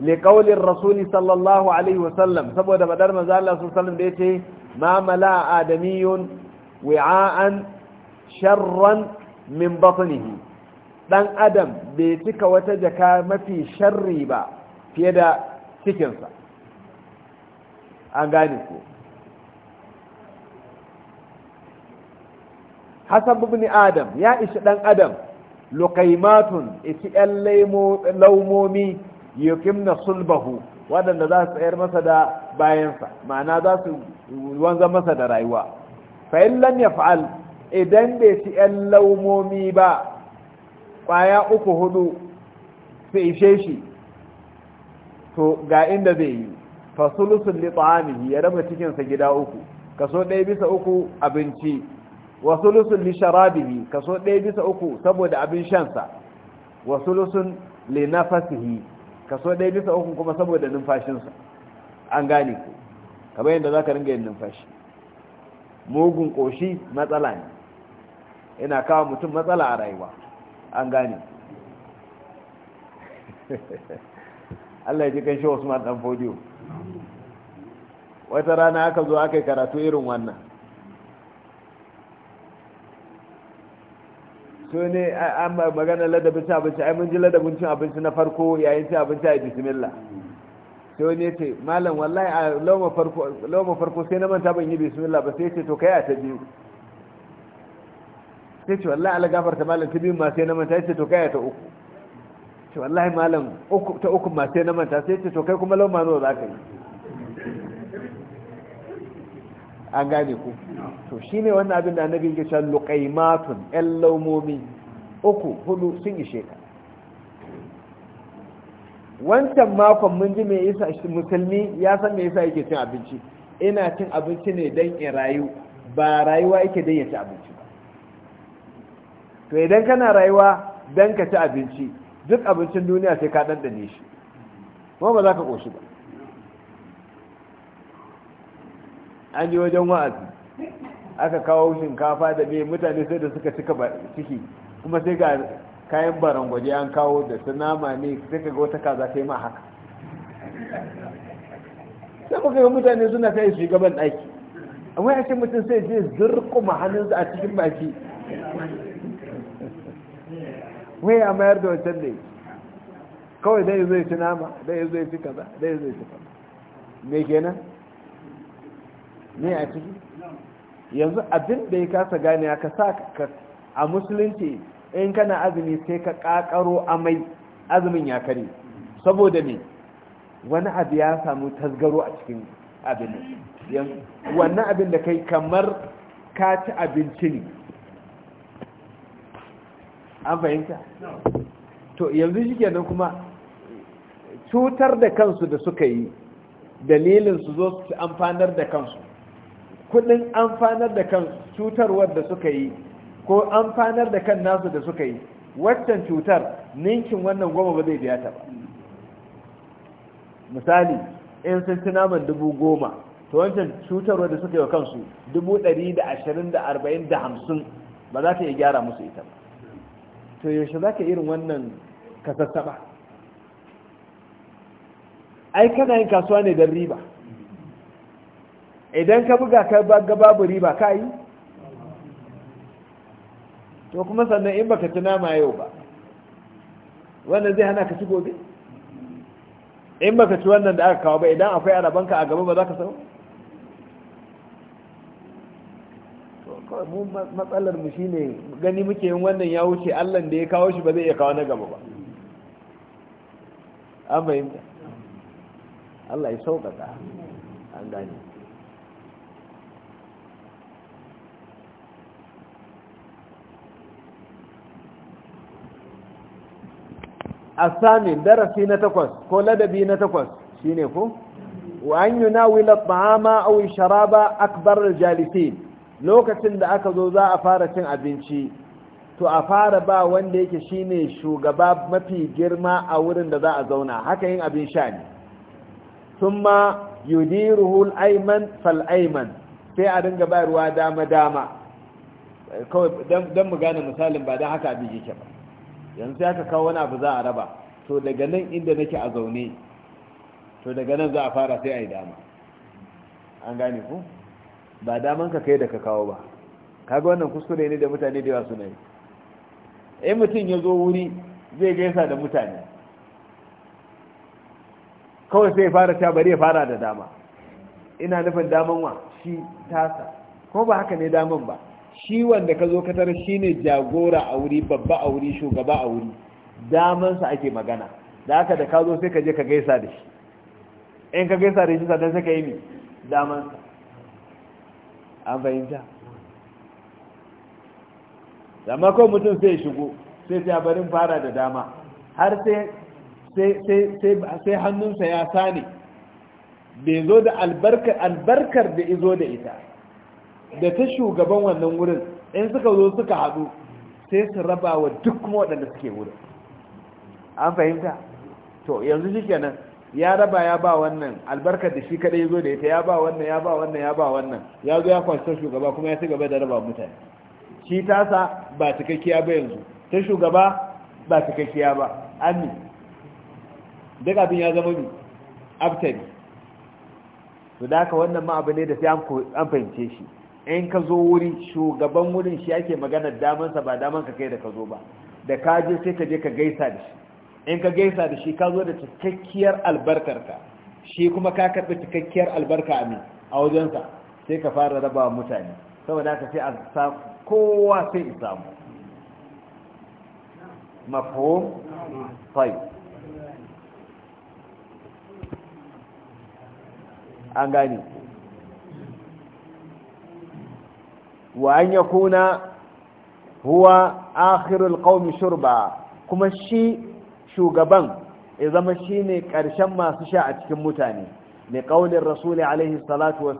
liƙaunin rasuli sallallahu alaihi wasallam saboda madar mazala su salam da ya ce adamiyun wi'a'an sharran min batnihi dan adam bai cika wata jaka mafi sharri ba fiye da cikinsa an gane ku hasan bin adam ya ishi dan adam luqaymatun iti yan laumomi yukimna sulbahu waɗanda za su tsayar masa da bayansa ma'ana za su wanzan masa da rayuwa fa'in lam ya fa'al idan bai ci yan laumomi ba ƙwaya uku hudu su ishe shi to ga inda zai yi Fasulusun sulusun ya raba cikin sa gida uku kaso ɗaya bisa uku abinci wasulusun lishara'bihi, li sharabihi kaso ɗaya bisa uku saboda abin shan sa wasulusun sulusun li kaso ɗaya bisa uku kuma saboda numfashin sa an gane ku kamar yadda zaka ringa yin numfashi mugun koshi matsala ne ina kawo mutum matsala a rayuwa an gane [LAUGHS] Allah ya ji kan shi Usman dan Fodiyo wata rana aka zo aka yi karatu irin wannan so ne an magana ladabin cin abinci ai mun ji ladabin cin abinci na farko yayin cin abinci a bismillah so ne ce malam wallahi a lauma farko sai na manta ban yi bismillah ba sai ce to kai a ta biyu sai ce wallahi ala gafarta malam ta biyu ma sai na manta sai ce to kai a ta uku ce wallahi malam ta uku ma sai na manta sai ce to kai kuma lauma nawa za ka yi an gane ku to shi wannan abin da annabi yake cewa luqaimatun yan laumomi uku hudu sun ishe ka wancan makon mun ji mai yasa shi musulmi ya san me yasa yake cin abinci ina cin abinci ne dan in rayu ba rayuwa yake dan ya ci abinci ba to idan kana rayuwa dan ka ci abinci duk abincin duniya sai ka ɗanɗane shi kuma ba za ka koshi ba an yi wajen wa'azi aka kawo shinkafa da mai mutane sai da suka cika ciki kuma sai ga kayan barangwaje an kawo da su nama ne sai ka ga wata kaza ta ma haka sai muka ga mutane suna kai su gaban ɗaki amma ya ce mutum sai je zurkuma hannunsa a cikin baki wai a mayar da wancan ne kawai dai zai ci nama dai zai ci kaza dai zai ci kaza me kenan ne a ciki yanzu abin da ya kasa gane ka sa a musulunci in kana azumi sai ka kakaro amai azumin ya kare saboda ne wani abu ya samu tasgaro a cikin abin wannan abin da kai kamar ka ci abinci ne an fahimta to yanzu shi kenan kuma cutar da kansu da suka yi dalilin su zo su amfanar da kansu kudin amfanar da kan cutarwar da suka yi ko amfanar da kan nasu da suka yi waccan cutar ninkin wannan goma ba zai biya ta ba misali in sun ci naman dubu goma to wancan cutarwar da suka yi wa kansu dubu ɗari da ashirin da arba'in da hamsin ba za ta iya gyara musu ita ba to yaushe za ka irin wannan kasassaɓa ai kana yin kasuwa ne don riba idan ka buga ka ga babu riba ka yi to kuma sannan in baka tuna ma yau ba wannan zai hana ka ci gobe in baka ci wannan da aka kawo ba idan akwai arabanka a gaba ba za ka sau matsalar mu shine gani muke yin wannan ya wuce allah da ya kawo shi ba zai iya kawo na gaba ba an fahimta allah ya sauƙaƙa an gane asami darasi na takwas ko ladabi na takwas shine ko wa an yunawila ta'ama aw sharaba akbar al lokacin da aka zo za a fara cin abinci to a fara ba wanda yake shine shugaba mafi girma a wurin da za a zauna haka yin abin sha ne thumma yudiruhu al fal-ayman sai a dinga bayarwa dama dama kawai dan mu gane misalin ba dan haka abin yake ba yanzu ka kawo wani abu za a raba to daga nan inda nake a zaune to daga nan za a fara sai a yi dama an gane ku ba daman ka kai da ka kawo ba kaga wannan kuskure ne da mutane da yawa suna yi in mutum ya zo wuri zai gaisa da mutane kawai sai fara ta bari ya fara da dama ina nufin daman wa shi tasa ko ba haka ne daman ba shi wanda ka zo katar shi ne jagora a wuri babba a wuri shugaba a wuri damansa ake magana da haka da ka zo sai ka je ka gaisa da shi in ka gaisa da shi sannan sai ka yi ne damansa an fahimta amma kawai mutum sai ya shigo sai sai barin fara da dama har sai hannunsa ya sani bai zo da albarkar da izo da ita da ta shugaban wannan wurin in suka zo suka haɗu sai su raba wa duk kuma waɗanda suke wurin an fahimta to yanzu shi kenan ya raba ya ba wannan albarkar da shi kaɗai ya zo da ita ya ba wannan ya ba wannan ya ba wannan ya zo ya kwanci shugaba kuma ya ci gaba da raba mutane shi tasa ba cikakkiya ba yanzu ta shugaba ba cikakkiya ba amin. duk abin ya zama bi, abtari to da haka wannan ma abu ne da sai an fahimce shi in ka zo wuri shugaban wurin shi ake magana damansa ba daman ka kai da ka zo ba da ka je sai ka je ka gaisa da shi in ka gaisa da shi ka zo da cikakkiyar albarkarka shi kuma ka karɓi cikakkiyar albarka a mai a wajensa sai ka fara raba mutane saboda ka sai a sa kowa sai in samu sai an gani wa an yakuna huwa akhirul qaumi shurba kuma shi shugaban ya zama shine karshen masu sha a cikin mutane ne ƙaunin rasuli alaihi salatu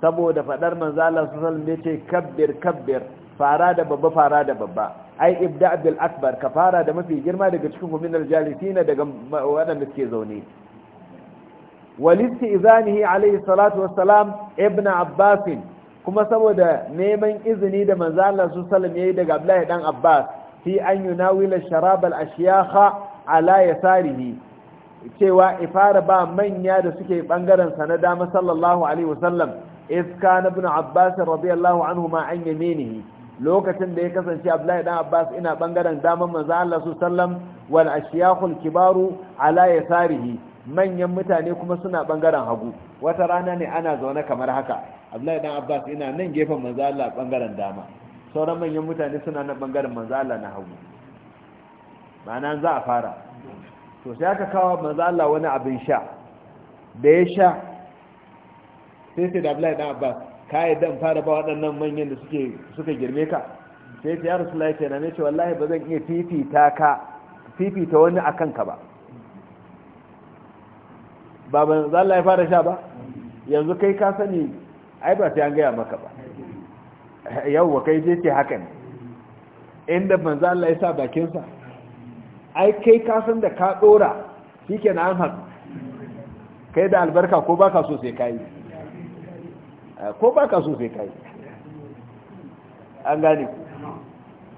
saboda fadar manzo Allah sallallahu alaihi wasallam kabbir kabbir fara da babba fara da babba ai ibda bil akbar ka fara da mafi girma daga cikin kuminar jalisina daga waɗanda suke zaune walisti izanihi alaihi salatu wassalam abbasin kuma saboda neman izini da manzo Allah su daga Abdullahi dan Abbas fi an yunawila sharab al-ashyakha ala yasarihi cewa ifara ba manya da suke bangaren sa na dama sallallahu alaihi wasallam iska bin Abbas radiyallahu anhuma an yaminihi lokacin da ya kasance Abdullahi dan Abbas ina bangaren dama manzo su sallam wal ashyakhul kibaru ala yasarihi manyan mutane kuma suna bangaren hagu wata rana ne ana zaune kamar haka abdullahi dan abbas ina nan gefen manzo Allah bangaren dama sauran manyan mutane suna nan bangaren manzo Allah na hagu ma'ana za a fara to sai aka kawo manzo Allah wani abin sha da ya sha sai sai da abdullahi dan abbas kai dan fara ba waɗannan manyan da suke suka girme ka sai ya rasulullahi ta ne ce wallahi ba zan iya fifita ka fifita wani akan ka ba ba ban zalla ya fara sha ba yanzu kai ka sani ai ba sai an gaya maka ba wa kai je ce haka ne inda manzo Allah ya sa bakinsa ai kai ka san da ka dora shike na an haɗu kai da albarka ko baka so sai kai ko baka so sai kai an gane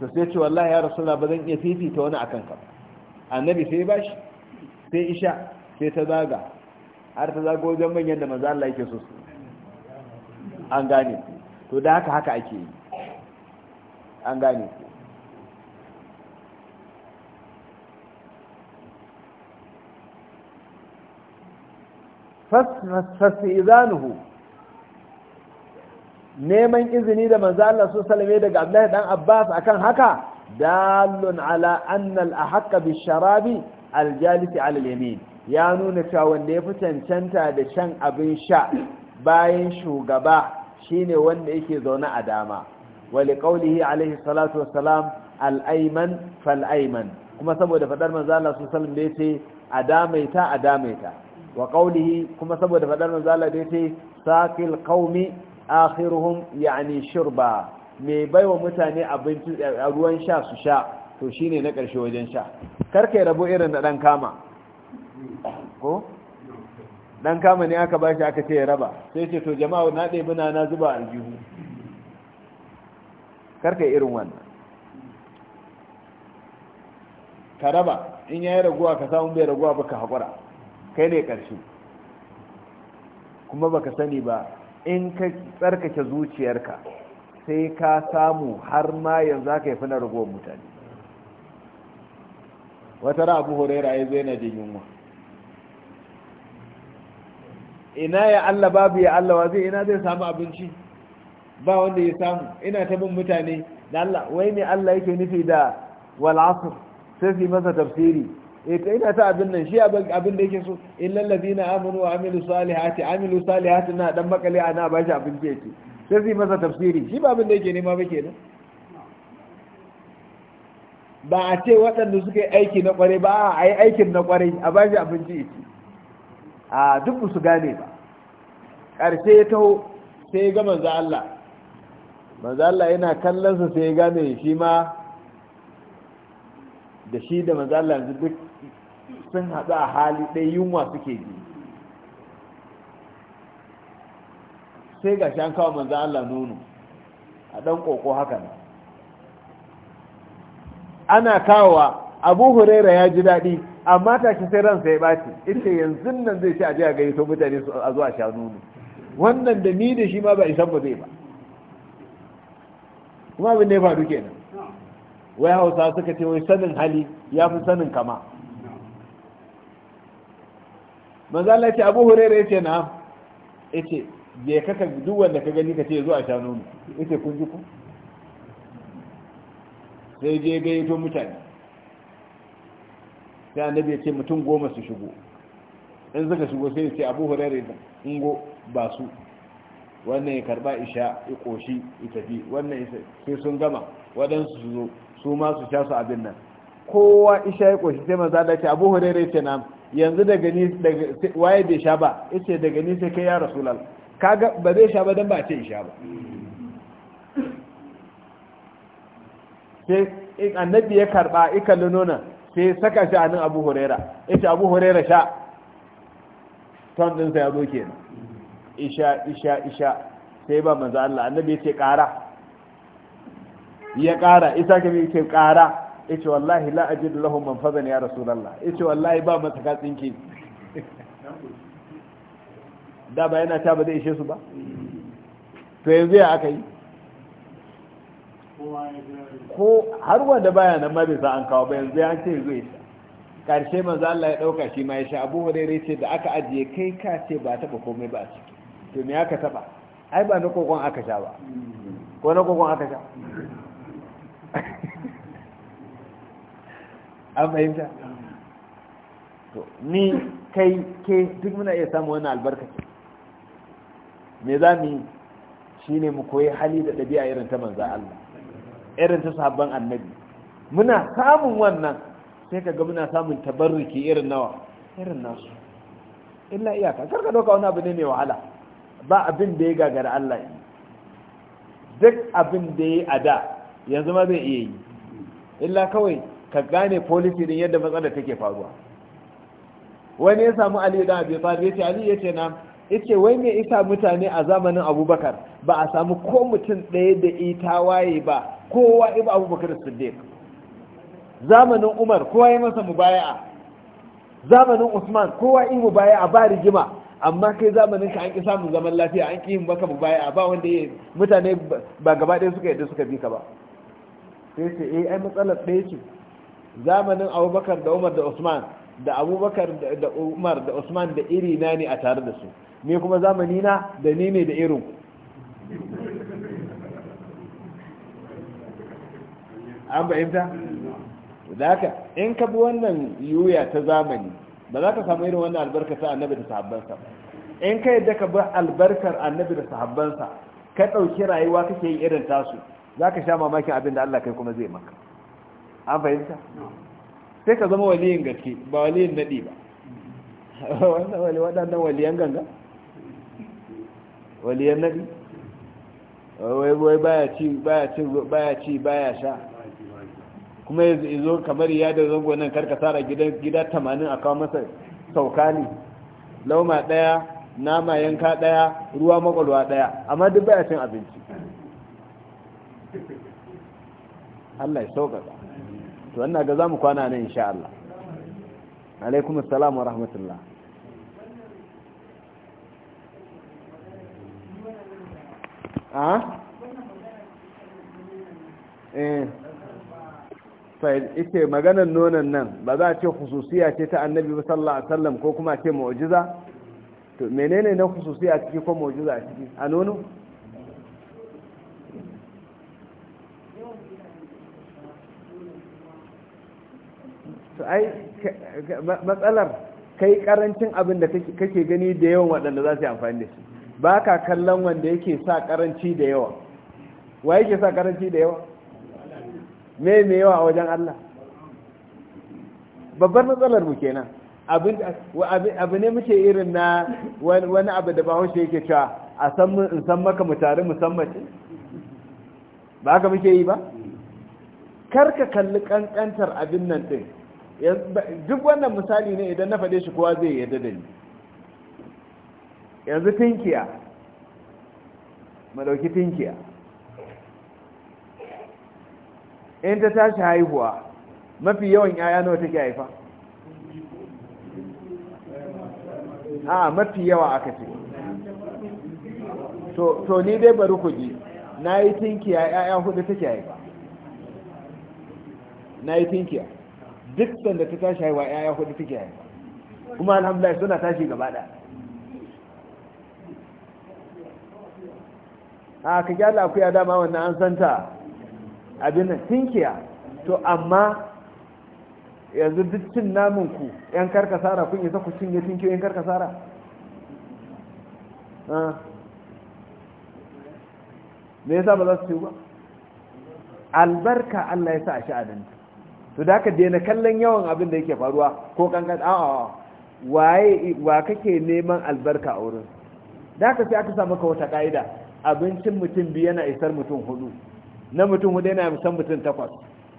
to sai ce wallahi ya rasulullah ba zan iya fifita wani akan ka annabi sai bashi sai isha sai ta zaga har ta zago wajen manyan da manzo Allah yake so su an gane ku to da haka haka ake yi an gane ku izanuhu neman izini da manzo Allah su salame daga Abdullahi dan Abbas akan haka dalun ala annal al-ahqqa bi-sharabi al ala ya nuna cewa wanda ya fi cancanta da shan abin sha bayan shugaba shine wanda yake zaune a dama wali qaulihi alaihi salatu wassalam al-ayman fal-ayman kuma saboda fadar manzo Allah sallallahu alaihi wasallam da yace a adamaita wa qaulihi kuma saboda fadar manzo Allah da yace saqil qaumi akhiruhum yani shurba me baiwa mutane abinci ruwan sha su sha to shine na karshe wajen sha karkai rabo irin da dan kama ko dan kama ne aka bashi aka ce ya raba sai ce to jama'a na ɗebi na na zuba aljihu karka irin wannan ka raba in ya yi raguwa ka samu bai raguwa baka haƙura kai ne ƙarshe kuma baka sani ba in ka tsarkake zuciyarka sai ka samu har ma yanzu aka yi na raguwar mutane wata ra abu horaira ya zai na jin yunwa ina ya Allah babu ya Allah wa zai ina zai samu abinci ba wanda ya samu ina ta bin mutane da Allah wai ne Allah yake nufi da wal asr sai fi masa tafsiri eh ina ta abin nan shi abin da yake so illal ladina amanu wa amilu salihati amilu salihati na dan makale ana ba shi abinci yake sai fi masa tafsiri shi ba abin da yake nema ba kenan ba a ce waɗanda suka yi aiki na kware ba a yi aikin na kware a ba shi abinci yake a duk su gane ba ƙarshe ya taho sai ga manza Allah manza Allah yana kallon sai ya gane shi ma da shi da manza Allah yanzu duk sun haɗu a hali ɗai yunwa suke ji sai ga shan kawo manza Allah nono a ɗan ƙoƙo haka ana kawowa abu huraira ya ji daɗi amma ki sai ransa ya ɓaci ita yanzu nan zai ci a ji a gayyato mutane su a zuwa sha nono wannan da ni da shi ma ba isan ba zai ba kuma abin da ya faru kenan wai hausa suka ce wai sanin hali ya fi sanin kama manzo Allah abu ce Abu Hurairah ya ce na yace je kaka duk wanda ka gani ka ce zuwa a sha nono yace kun ji ku sai je gayyato mutane sai annabi ya ce mutum goma su shigo in suka shigo sai ce abu hurare ingo ba su wannan ya karba isha ya koshi ya tafi wannan sai sun gama waɗansu su zo su ma su sha su abin nan kowa isha ya koshi sai maza da ce abu hurare ce na yanzu daga ni waye bai sha ba yace daga ni sai kai ya rasulal kaga ba zai sha ba dan ba ce isha ba sai annabi ya karba ikalin nonon sai saka shi a nan abu huraira ya ce abu huraira sha ton ɗinsa ya zo na, isha isha isha sai ba manzo Allah annabi ya ce ƙara ya ƙara isa ka ce ƙara ya ce wallahi la ajidu lahum manfazan ya rasulullah ya ce wallahi ba masa ka tsinke da ba yana ta ba zai ishe su ba to yanzu ya aka yi ko har wanda baya nan ma bai sa an kawo ba yanzu ya ce zai sha karshe manzo Allah ya dauka shi ma ya sha Abu rai ce da aka ajiye kai ka ce ba taba komai ba a ciki to me aka taba ai ba na kokon aka sha ba ko na kokon aka sha [LAUGHS] an fahimta to ni kai ke duk muna iya samu wannan albarkaci me za mu yi shine mu koyi hali da ɗabi'a irin ta manzo Allah irin ta sahabban annabi muna samun wannan sai ka ga muna samun tabarruki irin nawa irin nasu illa iyaka karka doka wani abu ne mai wahala ba abin da ya gagara Allah yi duk abin da ya yi a da yanzu ma zai iya yi illa kawai ka gane policy din yadda matsalar take faruwa wani ya samu aliyu dan ya talib ce ali yace na ce wai me isa mutane a zamanin abubakar ba a samu ko mutum ɗaya da ita waye ba kowa ibu abubakar siddiq zamanin umar kowa ya masa mubaya'a zamanin usman kowa yi mubaya'a ba rigima amma kai zamanin ka an ki samun zaman lafiya an ki yin baka mubaya'a ba wanda ya mutane ba gaba ɗaya suka yadda suka bi ka ba sai ce eh ai matsalar ɗaya ce zamanin abubakar da umar da usman da abubakar da umar da usman da iri na ne a tare da su ni kuma zamani na da ni ne da irin an fahimta da haka in ka bi wannan yuya ta zamani ba za ka samu irin wannan albarka ta annabi da sahabbansa in ka yadda ka bi albarkar annabi da sahabbansa ka ɗauki rayuwa kake yi irin tasu za ka sha mamakin abin da Allah kai kuma zai maka an fahimta sai ka zama waliyin gaske ba waliyin naɗi ba [LAUGHS] waɗannan waliyan ganga waliyan naɗi wai baya ci baya ci baya ci baya sha kuma ya zo kamar ya da zango nan karka tsara gida tamanin a kawo masa sauka ne lauma ɗaya nama yanka ɗaya ruwa makwalwa ɗaya amma duk baya cin abinci Allah ya sauƙaƙa to wannan ga za mu kwana nan insha Allah alaikum assalam wa rahmatullah ah eh ita maganar nonon nan ba za a ce khususiya ce ta annabi ba sallallahu alaihi wasallam ko kuma ce mu'jiza to menene na khususiya ciki ko mu'jiza ciki a nono to ai matsalar kai karancin abin da kake gani da yawan waɗanda za su yi amfani da shi ba ka kallon wanda yake sa karanci da yawa wa yake sa karanci da yawa me me yawa a wajen Allah babbar matsalar mu kenan abu ne muke irin na wani abu da bahaushe yake cewa a san in san maka mu tare musamman ce ba haka muke yi ba karka kalli kankantar abin nan din duk wannan misali ne idan na faɗe shi kowa zai yadda da ni yanzu tinkiya madauki tinkiya in ta tashi haihuwa mafi yawan yaya nawa take haifa a mafi yawa aka ce to ni dai bari ku ji na yi tinkiya yaya hudu take haifa na yi tinkiya duk sanda ta tashi haihuwa yaya hudu take haifa kuma alhamdulillah suna tashi gaba da a ka kyala akuya dama wannan an santa abin nan tinkiya to amma yanzu duk cin namun ku yan karkasara kun isa ku cinye sinkiyo yan karkasara ah. me yasa ba za su ci ba albarka Allah ya sa a sha'adanta to da ka daina kallon yawan abin da yake faruwa ko kankan awa, waye wa kake neman albarka a wurin da ka sai aka sa maka wata ka'ida abincin mutum biyu yana isar mutum hudu na mutum hudu yana san mutum takwas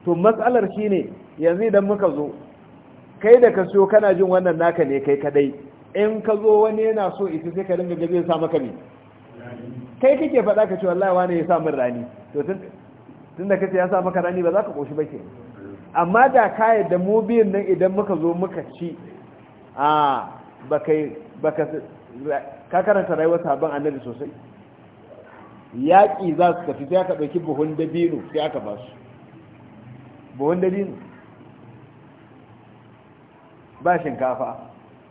to matsalar shi ne, yanzu idan muka zo kai da ka siyo kana jin wannan naka ne kai kadai in ka zo wani yana so isi sai ka dinga gaje ya sa maka ne. kai kake faɗa ka ce wallahi wani ya sa min rani to tun da kace ya sa maka rani ba za ka koshi ba ke amma da ka yadda mu biyan nan idan muka zo muka ci a kai baka ka karanta rayuwar sabon annabi sosai yaƙi za su tafi sai aka ɗauki buhun dabino sai aka ba su buhun dabino ba shinkafa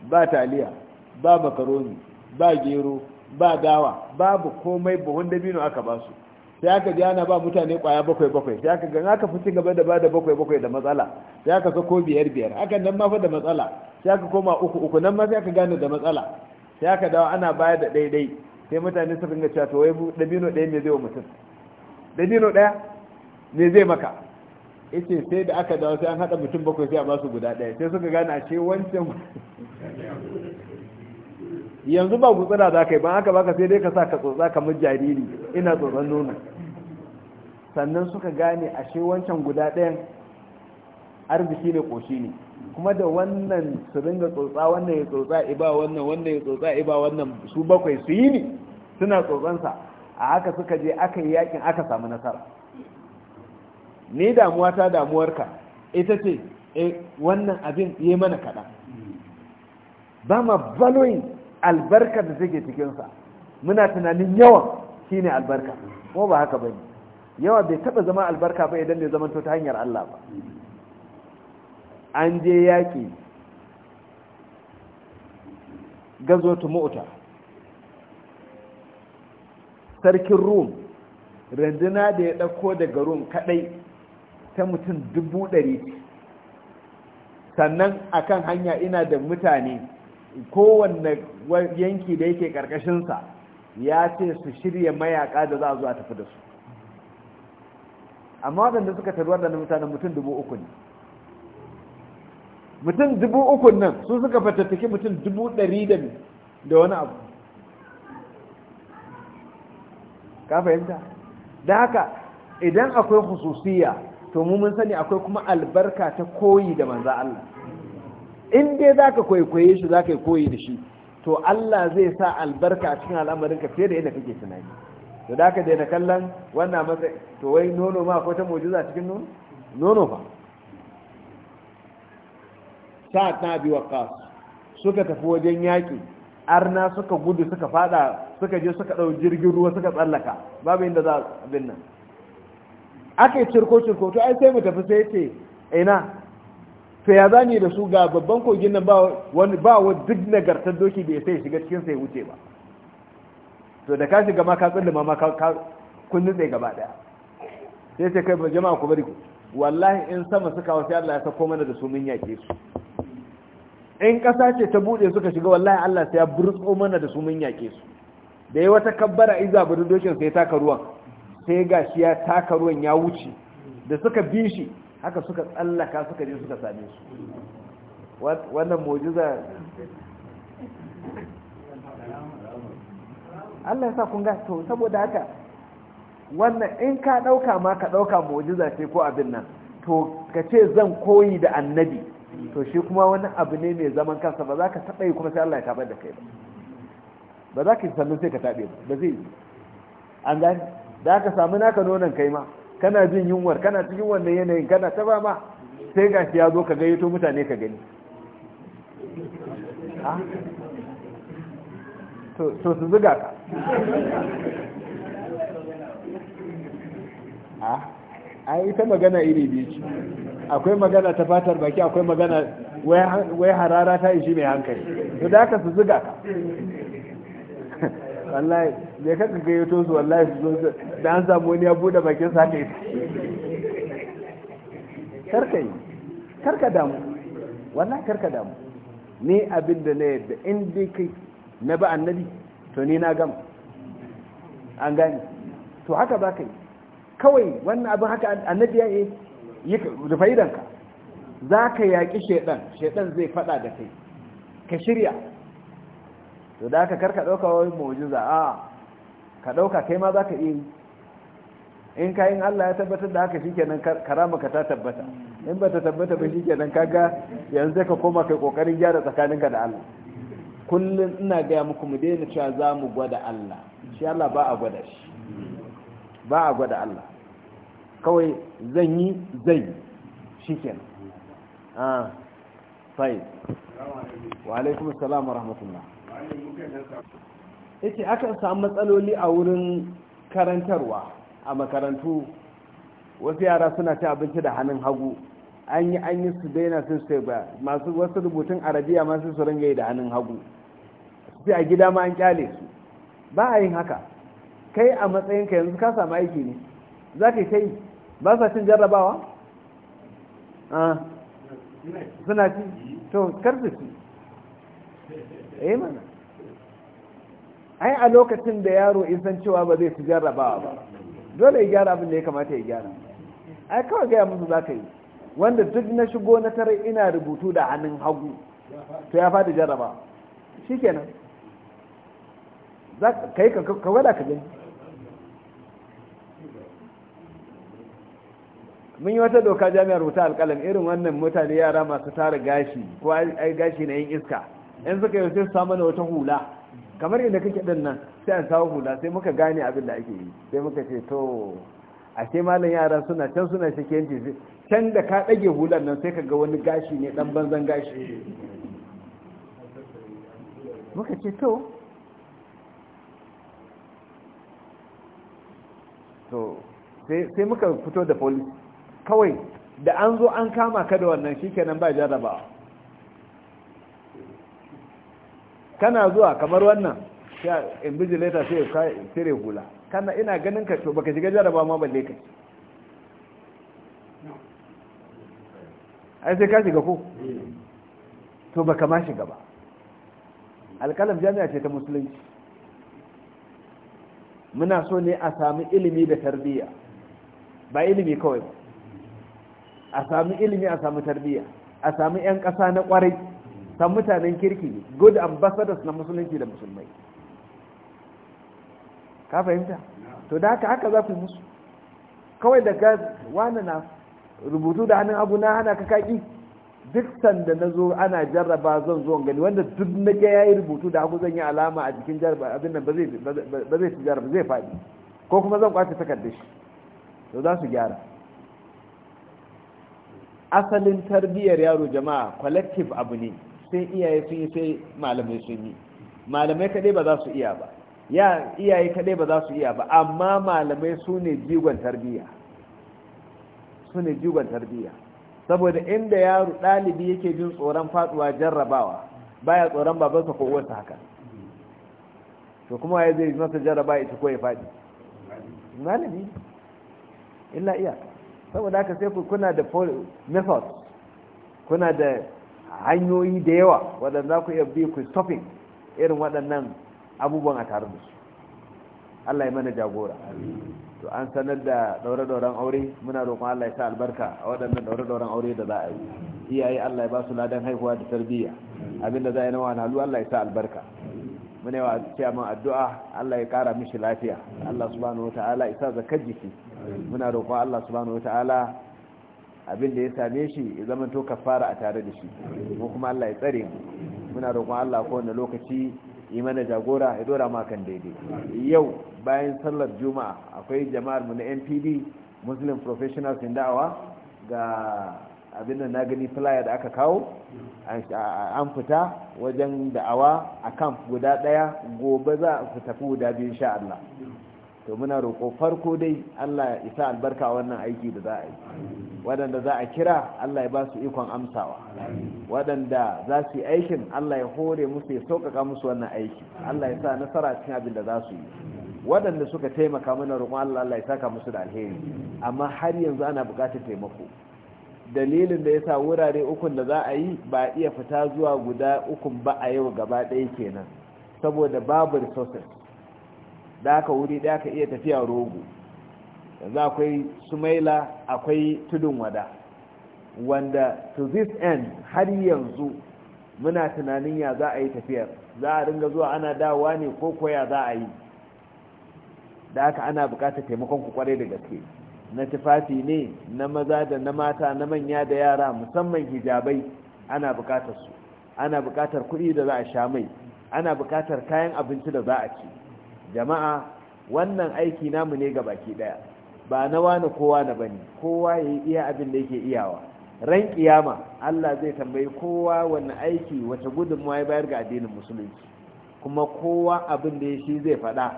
ba taliya ba makaroni ba gero ba dawa babu komai buhun dabino aka ba su sai aka ji ana ba mutane kwaya bakwai bakwai sai aka gan aka fi gaba da ba da bakwai bakwai da matsala sai aka sako biyar biyar aka nan ma fa da matsala sai aka koma uku uku nan ma sai aka gane da matsala sai aka dawo ana bayar da ɗaiɗai sai mutane su ringa cewa to wai dabino ɗaya me zai wa mutum dabino ɗaya me zai maka yace sai da aka dawo sai an haɗa mutum bakwai sai a ba su guda ɗaya sai suka gane a ce wancan [LAUGHS] yanzu ba gutsura za ka yi ban haka baka sai dai ka sa ka tsotsa kamar jariri ina tsotsan nono sannan suka gane a ce wancan guda ɗayan arziki ne ƙoshi ne kuma da wannan su ringa tsotsa wannan ya tsotsa iba wannan wannan ya tsotsa iba wannan su bakwai su yi ne suna tsotsansa a haka suka je aka yi yakin aka samu nasara ni damuwa ta damuwarka ita ce eh, wannan abin yi mana kaɗan ba ma baloyin albarka da take cikinsa muna tunanin yawan ne albarka ko ba haka ba ne yawa bai taɓa zama albarka ba idan ne zamanto ta hanyar Allah ba an je yaƙi gazo mota sarkin rum randuna da ya ɗauko daga rum kaɗai ta mutum dubu ɗari sannan akan hanya ina da mutane kowanne yanki da yake ƙarƙashinsa ya ce su shirya mayaƙa da za a zuwa tafi da su amma waɗanda suka tarwar da na mutane mutum dubu uku ne mutum dubu uku nan su suka fatattaki mutum dubu ɗari da da wani abu ka fahimta da haka idan akwai hususiya to mu mun sani akwai kuma albarka ta koyi da manza Allah in dai za ka kwaikwaye shi za ka yi koyi da shi to Allah zai sa albarka a cikin al'amarin ka fiye da yadda kake tunani to da haka daina kallon wannan matsayi to wai nono ma akwai ta mujiza cikin nono nono fa sa'ad na abi waqas suka tafi wajen yaƙi arna suka gudu suka fada suka je suka ɗau jirgin ruwa suka tsallaka babu inda za a bin nan aka yi cirko cirko to ai sai mu tafi sai ce ina to ya zani da su ga babban kogin nan ba wa duk nagartar doki da ya sai shiga cikin sai wuce ba to da ka shiga ma ka tsalle ma ka kun nutse gaba daya sai sai kai jama'a ku bari ku wallahi in sama suka wasu Allah ya sako mana da su mun yake su in ƙasa ce ta buɗe suka shiga wallahi Allah sai ya burtso mana da su mun yake su da ya wata kabbara iza budu dokin sai taka ruwan sai ga shi ya taka ruwan ya wuce da suka bi shi haka suka tsallaka suka je suka same su wannan mujiza Allah ya sa kun ga to saboda haka wannan in ka ɗauka ma ka ɗauka mu'jiza ce ko abin nan to ka ce zan koyi da annabi to shi kuma wani abu ne mai zaman kansa ba za ka taɓa yi kuma sai Allah ya tabar da kai ba ba za ka yi sannan sai ka taɓe ba ba zai yi an gani da aka samu naka nonon kai ma kana jin yunwar kana cikin wannan yanayin kana ta ba ma sai ga shi ya zo ka gayyato mutane ka gani ah? to su zuga ka a a ita magana iri biyu ce akwai magana ta fatar baki akwai magana wai harara ta ishi mai hankali to da ka su zuga ka [LAUGHS] wallahi me kaka gayyato su wallahi su zo da an samu wani ya bude bakin sa ka yi karka yi karka damu wallahi karka damu ni abin da na yadda in dai kai na ba annabi to ni na gama an gani to haka ba ka yi kawai wannan abin haka annabi ya yi rufe idanka za ka yaƙi shaidan shaidan zai faɗa da kai ka shirya to da aka karka ɗauka wani mujiza a ka ɗauka kai ma za ka iya in kayan Allah ya tabbatar da haka nan karama ka ta tabbata in ba ta tabbata ba nan kaga yanzu ka koma kai kokarin gyara tsakaninka da Allah kullum ina gaya muku mu daina cewa za mu gwada Allah shi Allah ba a gwada shi ba a gwada Allah kawai zan yi zai shi kenan a ah, sai wa alaikum rahmatullah yace akan samu matsaloli a wurin karantarwa a makarantu wasu yara suna ci abinci da hannun hagu an yi an yi su daina sun sai ba masu wasu rubutun arabiya masu su ringa yi da hannun hagu sai a gida ma an kyale su ba a yin haka kai a matsayinka yanzu ka samu aiki ne za ka yi ba sa cin jarrabawa ah. suna ci to kar su ci eh mana ai a lokacin da yaro in san cewa ba zai fi jarrabawa ba dole ya gyara abin da ya kamata ya gyara ai kawai gaya musu za ka yi wanda duk na shigo na tare ina rubutu da hannun hagu to ya fada jarrabawa. shi kenan ka yi ka gwada ka gani mun yi wata doka jami'ar wuta alƙalam irin wannan mutane yara masu tara gashi ko ai gashi na yin iska in suka yi sai su samu na wata hula kamar inda kake din nan sai an samu hula sai muka gane abin da ake yi sai muka ce to ashe malam yara suna can suna shakenci can da ka ɗage hular nan sai ka ga wani gashi ne ɗan banzan gashi muka ce to to sai muka fito da police kawai da an zo an kama ka da wannan shikenan ba jarrabawa kana zuwa kamar wannan invigilata sai ya cire hula kana ina ganin ka to baka shiga jarraba ma balle ka ai sai ka shiga ko to baka ma shiga ba alƙalam jami'a ce ta musulunci muna so ne a sami ilimi da tarbiyya ba ilimi kawai ba a sami ilimi a sami tarbiyya a sami 'yan ƙasa na ƙwarai san mutanen kirki good ambassadors na musulunci da musulmai ka fahimta to da haka haka za ku musu kawai da ga wani na rubutu da hannun abu na hana ka duk sanda na zo ana jarraba zan zo gani wanda duk na ga yi rubutu da abu zan yi alama a jikin jarraba abin nan ba zai fi jarraba zai faɗi ko kuma zan kwace takardar shi to za su gyara asalin tarbiyyar yaro jama'a collective abu ne sai iyaye sun yi sai malamai sun yi malamai kadai ba za su iya ba ya iyaye kadai ba za su iya ba amma malamai su ne jigon tarbiyya su ne jigon tarbiyya saboda inda yaro ɗalibi yake jin tsoron faduwa jarrabawa baya tsoron babansa ko uwarsa haka to kuma ya zai masa jarraba ita ko ya faɗi malami illa iyaka saboda haka sai ku kuna da method kuna da hanyoyi da yawa waɗanda za ku iya bi ku stopping irin waɗannan abubuwan a tare da su Allah ya mana jagora to an sanar da daure-dauren aure muna roƙon Allah ya sa albarka a waɗannan daure-dauren aure da za a yi iyaye Allah ya ba su ladan haihuwa da tarbiyya abinda za a yi na halu, Allah ya sa albarka muna yawa ciyaman addu'a Allah ya kara mishi lafiya Allah subhanahu wataala isa zakar jiki muna roƙon Allah subhanahu wataala abin da ya same shi ya zama to kafara a tare da shi mu kuma Allah ya tsare mu muna roƙon Allah ko kowane lokaci yi mana jagora ya dora kan daidai yau bayan sallar juma'a akwai jama'ar mu na NPD Muslim Professionals in Da'awa ga abin da na gani flyer da aka kawo an fita wajen da'awa a kan guda ɗaya gobe za a tafi guda biyu sha Allah to muna roƙo farko dai Allah ya isa albarka wannan aiki da za a yi waɗanda za a kira Allah ya ba su ikon amsawa waɗanda za su yi aikin Allah ya hore musu ya sauƙaƙa musu wannan aiki Allah ya sa nasara cikin abin da za su yi waɗanda suka taimaka mana roƙon Allah Allah ya saka musu da alheri amma har yanzu ana buƙatar taimako dalilin da ya sa wurare ukun da za a yi ba iya fita zuwa guda ukun ba a yau gaba ɗaya kenan saboda babu resources da aka wuri da aka iya tafiya rogo yanzu akwai sumaila akwai tudun wada wanda to this end har yanzu muna tunanin ya za a yi tafiyar za a ringa zuwa ana dawa ne ko koya za a yi da aka ana bukatar taimakon ku kwarai da gaske na tufafi ne na maza da na mata na manya da yara musamman hijabai ana bukatar su ana bukatar kuɗi da za a sha mai ana bukatar kayan abinci da za a ci jama'a wannan aiki namu ne ga baki ɗaya. ba na wani kowa na bane kowa ya yi iya abin da yake iyawa ran kiyama Allah zai tambayi kowa wani aiki wace gudunmawa ya bayar ga addinin musulunci kuma kowa abin da ya shi zai faɗa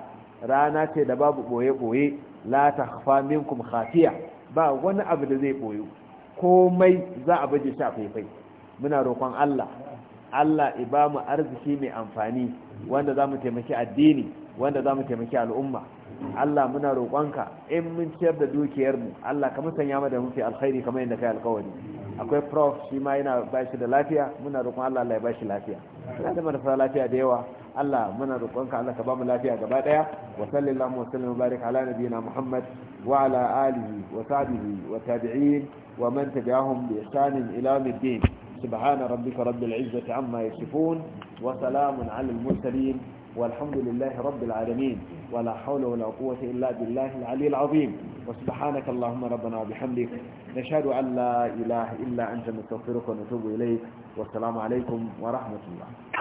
rana ce da babu boye-boye la takhfa minkum khafiya ba wani abu da zai boyo komai za a baje shi a faifai muna roƙon Allah Allah iba mu arziki mai amfani wanda za mu taimaki addini wanda za mu taimaki al'umma Allah muna roƙonka in mun ciyar da dukiyarmu Allah ka musanya mu da mafi alkhairi kamar yadda kai alkawari akwai prof shi ma yana ba shi da lafiya muna roƙon Allah Allah ya shi lafiya ina da marasa lafiya da yawa Allah muna roƙonka Allah ka ba mu lafiya gaba daya wa sallallahu wa sallam barik ala nabiyyina Muhammad wa ala alihi wa sahbihi wa tabi'in wa man tabi'ahum bi ihsan ila yawmiddin سبحان ربك رب العزة عما يصفون وسلام على المرسلين والحمد لله رب العالمين ولا حول ولا قوة إلا بالله العلي العظيم وسبحانك اللهم ربنا وبحمدك نشهد أن لا إله إلا أنت نستغفرك ونتوب إليك والسلام عليكم ورحمة الله